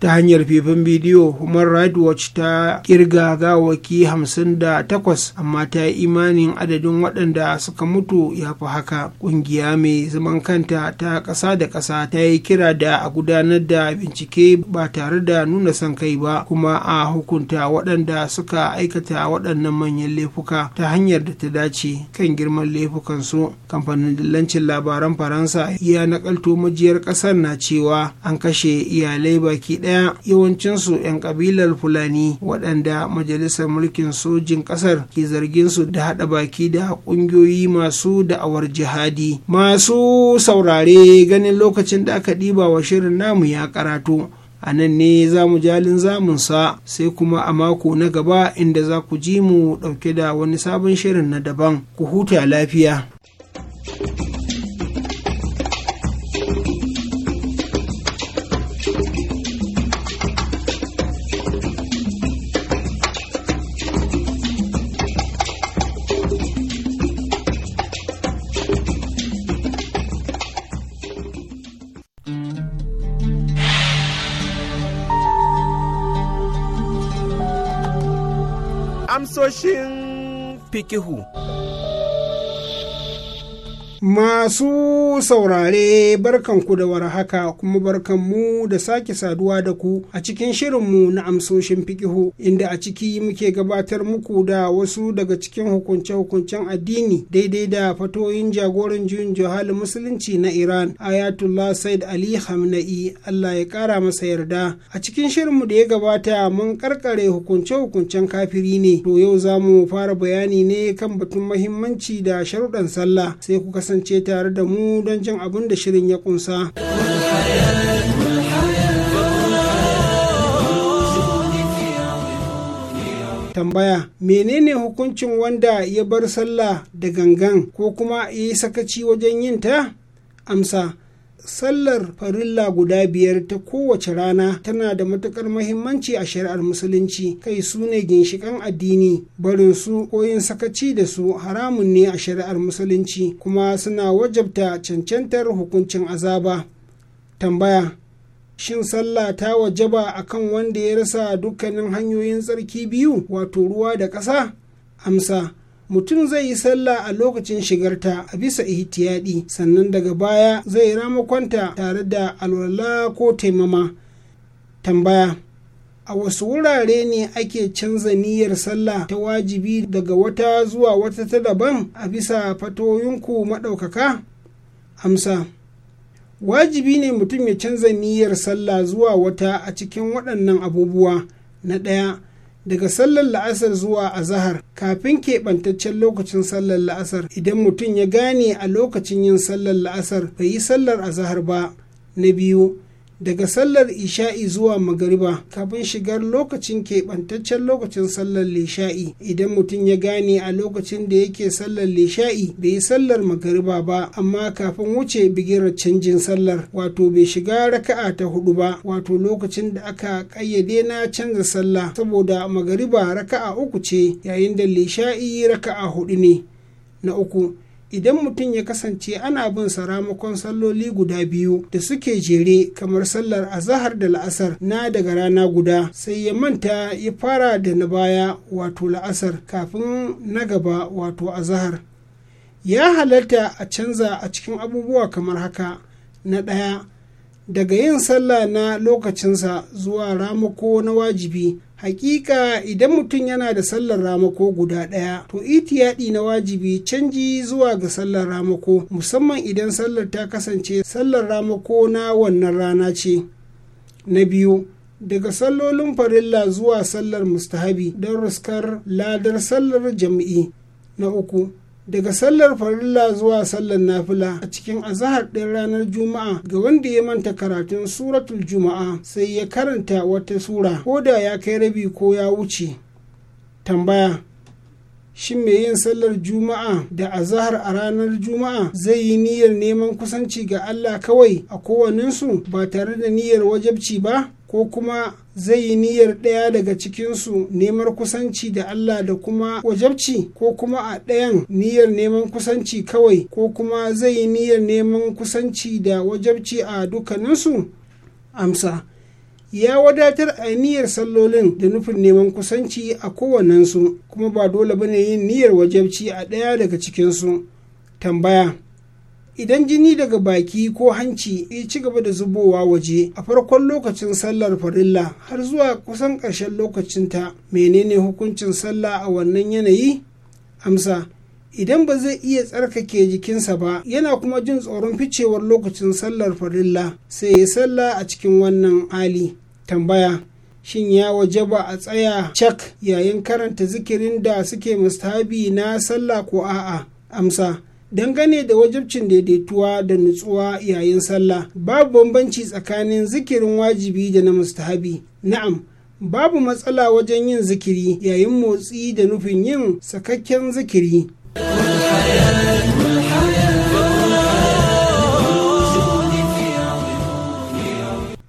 ta hanyar faifan bidiyo human rights watch ta kirga gawaki 58 amma ta yi imanin adadin waɗanda suka mutu ya fi haka ƙungiya mai zaman kanta ta ƙasa da ƙasa ta yi kira da a gudanar da bincike ba tare da nuna son kai ba kuma a hukunta waɗanda suka aikata waɗannan manyan laifuka ta hanyar da ta dace kan girman laifukansu kamfanin dillancin labaran faransa iya nakalto majiyar ƙasar na cewa an kashe iyalai baki ɗaya ɗaya yawancinsu 'yan kabilar fulani waɗanda majalisar mulkin sojin ƙasar ke zargin su da haɗa baki da ƙungiyoyi masu da'awar jihadi masu saurare ganin lokacin da aka ɗiba wa shirin namu ya karatu a nan ne za mu jalin zamunsa sai kuma a mako na gaba inda za ku ji mu ɗauke da wani sabon shirin na daban ku huta lafiya amsoshin pikihu. Masu saurare barkan ku da warhaka kuma barkan mu da sake saduwa da ku a cikin shirinmu na amsoshin fikihu inda a ciki muke gabatar muku da wasu daga cikin hukunce-hukuncen addini daidai da fatoyin jagoran juyin juhalin musulunci na Iran Ayatullah Said Ali Hamna'i Allah ya kara masa yarda. A cikin shirinmu da ya gabata mun karkare hukunce-hukuncen kafiri ne to yau za mu fara bayani ne kan batun mahimmanci da sharuɗan sallah sai ku kasance tare da mu don jin abin da shirin ya kunsa. tambaya menene hukuncin wanda ya bar sallah da gangan ko kuma ya yi sakaci wajen yin ta amsa sallar farilla guda biyar ta kowace rana tana da matukar mahimmanci a shari'ar musulunci kai su ne ginshikan addini barin su ko yin sakaci da su haramun ne a shari'ar musulunci kuma suna wajabta cancantar hukuncin azaba tambaya shin sallah ta wajaba akan wanda ya rasa dukkanin hanyoyin tsarki biyu wato ruwa da ƙasa amsa mutum zai yi sallah a lokacin shigarta a bisa ihtiyadi sannan daga baya zai ramakwanta tare da alwala ko taimama tambaya a wasu wurare ne ake canza niyyar sallah ta wajibi daga wata zuwa wata ta daban a bisa fatoyinku maɗaukaka amsa wajibi ne mutum ya canza niyyar sallah zuwa wata a cikin waɗannan abubuwa na ɗaya daga sallar la'asar zuwa azahar kafin keɓantaccen lokacin sallar la'asar idan mutum ya gane a lokacin yin sallar la'asar bai yi sallar azahar ba na biyu daga sallar isha'i zuwa magariba kafin shigar lokacin keɓantaccen lokacin sallar lisha'i idan mutum ya gane a lokacin da yake sallar lisha'i bai yi sallar magariba ba amma kafin wuce bigirar canjin sallar wato bai shiga raka'a ta hudu ba wato lokacin da aka ƙayyade na canza sallah saboda magariba raka'a uku ce yayin da lisha'i raka'a hudu ne na uku idan mutum ya kasance ana bin sa ramakon salloli guda biyu da suke jere kamar sallar azahar da la'asar na daga rana guda sai ya manta ya fara da na baya wato la'asar kafin na gaba wato azahar ya halatta a canza a cikin abubuwa kamar haka na ɗaya daga yin sallah na lokacinsa zuwa ramako na wajibi hakika idan mutum yana da sallar ramako guda ɗaya to itiyadi na wajibi canji zuwa ga sallar ramako musamman idan sallar ta kasance sallar ramako na wannan rana ce na biyu daga sallolin farilla zuwa sallar mustahabi don ruskar ladar sallar jam'i na uku daga sallar farilla zuwa sallar nafila a cikin azahar ɗin ranar juma'a ga wanda ya manta karatun suratul juma'a sai ya karanta wata sura ko da ya kai rabi ko ya wuce tambaya shin mai yin sallar juma'a da azahar a ranar juma'a zai yi niyyar neman kusanci ga allah kawai a kowaninsu ba tare da niyyar wajabci ba ko kuma zai yi niyyar ɗaya daga cikinsu neman kusanci da Allah da kuma wajabci ko kuma a ɗayan niyyar neman kusanci kawai ko kuma zai yi niyyar neman kusanci da wajabci a dukkaninsu? Amsa. ya wadatar a niyyar sallolin da nufin neman kusanci a kowannensu kuma ba dole bane yin niyyar wajabci a ɗaya daga cikinsu tambaya idan jini daga baki ko hanci ya ci gaba da zubowa waje a farkon lokacin sallar farilla har zuwa kusan ƙarshen lokacinta menene hukuncin sallah a wannan yanayi amsa idan ba zai iya tsarkake jikinsa ba yana kuma jin tsoron ficewar lokacin sallar farilla sai ya sallah a cikin wannan hali tambaya shin ya waje ba a tsaya cak yayin karanta zikirin da suke mustabi na sallah ko a'a amsa dangane da wajibcin daidaituwa da nutsuwa yayin sallah babu bambanci tsakanin zikirin wajibi da na mustahabi na'am babu matsala wajen yin zikiri yayin motsi da nufin yin sakakken zikiri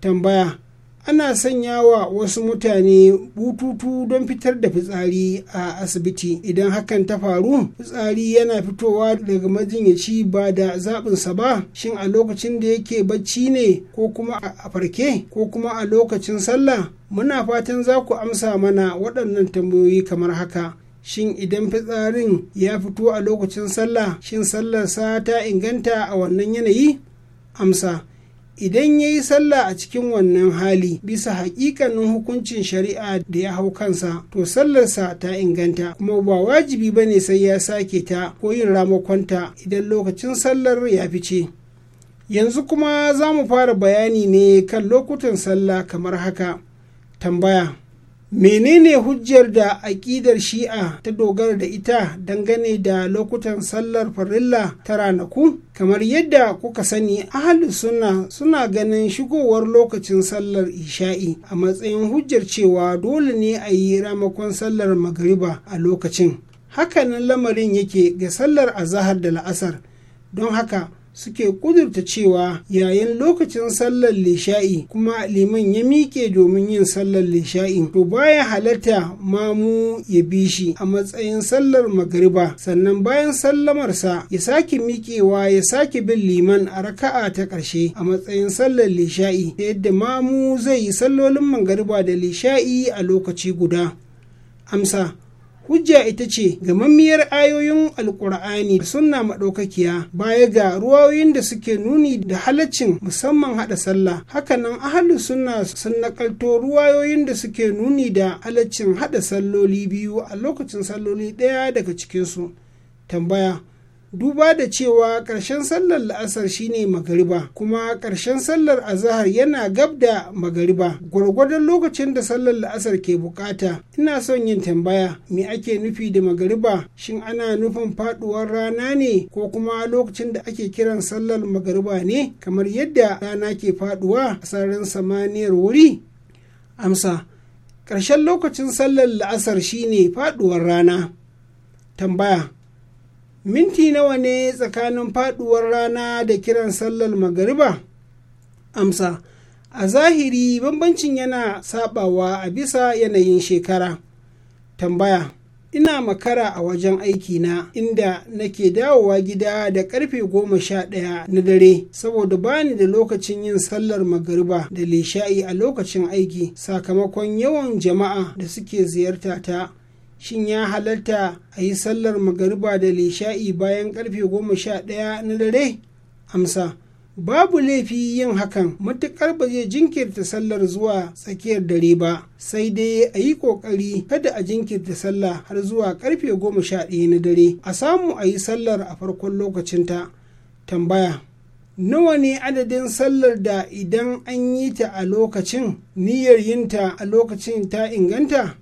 tambaya ana sanya wa wasu mutane bututu don fitar da fitsari a asibiti idan hakan ta faru fitsari yana fitowa daga majinyaci ba da zaɓinsa ba shin a lokacin da yake bacci ne ko kuma a farke ko kuma a lokacin sallah muna fatan za ku amsa mana waɗannan tambayoyi kamar haka shin idan fitsarin ya fito a lokacin sallah shin sallarsa ta inganta a wannan yanayi amsa idan ya yi sallah a cikin wannan hali bisa hakikanin hukuncin shari'a da ya hau kansa to sallarsa ta inganta kuma ba wajibi ba ne sai ya sake ta ko yin ramakonta idan lokacin sallar ya fice yanzu kuma za mu fara bayani ne kan lokutan sallah kamar haka tambaya menene hujjar da aƙidar shi'a ta dogara da ita dangane da lokutan sallar farilla ta ranaku kamar yadda kuka sani ahalus suna suna ganin shigowar lokacin sallar isha'i a matsayin hujjar cewa dole ne a yi ramakon sallar magariba a lokacin hakanan lamarin yake ga sallar azahar da la'asar don haka suke kudurta cewa yayin lokacin sallar lishai kuma liman ya miƙe domin yin sallar lishai to baya halatta mamu ya bi shi a matsayin sallar magariba sannan bayan sallamarsa ya sake miƙewa ya sake bin liman a raka'a ta ƙarshe a matsayin sallar lishai ta yadda mamu zai yi sallolin magariba da lishai a lokaci guda amsa hujja ita ce ga gamammiyar ayoyin alkur'ani da sunna maɗaukakiya baya ga ruwayoyin da suke nuni da halaccin musamman haɗa sallah hakanan ahalus sunna sun nakalto ruwayoyin da suke nuni da halaccin haɗa salloli biyu a lokacin salloli ɗaya daga cikinsu tambaya duba da cewa ƙarshen sallar la'asar shine magariba kuma ƙarshen sallar azahar yana gab da magariba gwargwadon lokacin da sallar la'asar ke bukata ina son yin tambaya me ake nufi da magariba shin ana nufin faduwar rana ne ko kuma lokacin da ake kiran sallar magariba ne kamar yadda rana ke faduwa a sararin samaniyar wuri amsa ƙarshen lokacin sallar la'asar shine faduwar rana tambaya minti nawa ne tsakanin faduwar rana da kiran sallar magariba amsa a zahiri bambancin yana sabawa a bisa yanayin shekara tambaya ina makara a wajen aikina inda nake dawowa gida da karfe goma sha ɗaya na dare saboda bani da lokacin yin sallar magariba da lishai a lokacin aiki sakamakon yawan jama'a da suke ziyarta ta shin ya halarta a yi sallar magariba da lisha'i bayan karfe goma sha ɗaya na dare amsa babu laifi yin hakan matuƙar ba zai jinkirta sallar zuwa tsakiyar dare ba sai dai a yi ƙoƙari kada a jinkirta sallah har zuwa karfe goma sha ɗaya na dare a samu a yi sallar a farkon lokacin ta. tambaya nawa ne adadin sallar da idan an yi ta a lokacin niyyar yinta a lokacin ta inganta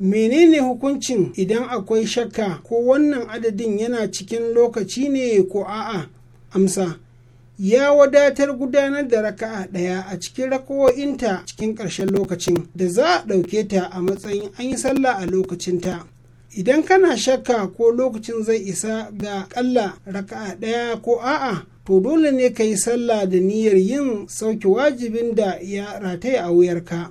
menene hukuncin idan akwai shakka ko wannan adadin yana cikin lokaci ne ko a'a amsa ya wadatar gudanar da raka'a ɗaya a cikin rakowa'inta cikin ƙarshen lokacin da za a ɗauke ta a matsayin an yi sallah a lokacinta idan kana shakka ko lokacin zai isa ga ƙalla raka'a ɗaya ko a'a to dole ne ka yi sallah da niyyar yin sauke wajibin da ya rataya a wuyarka.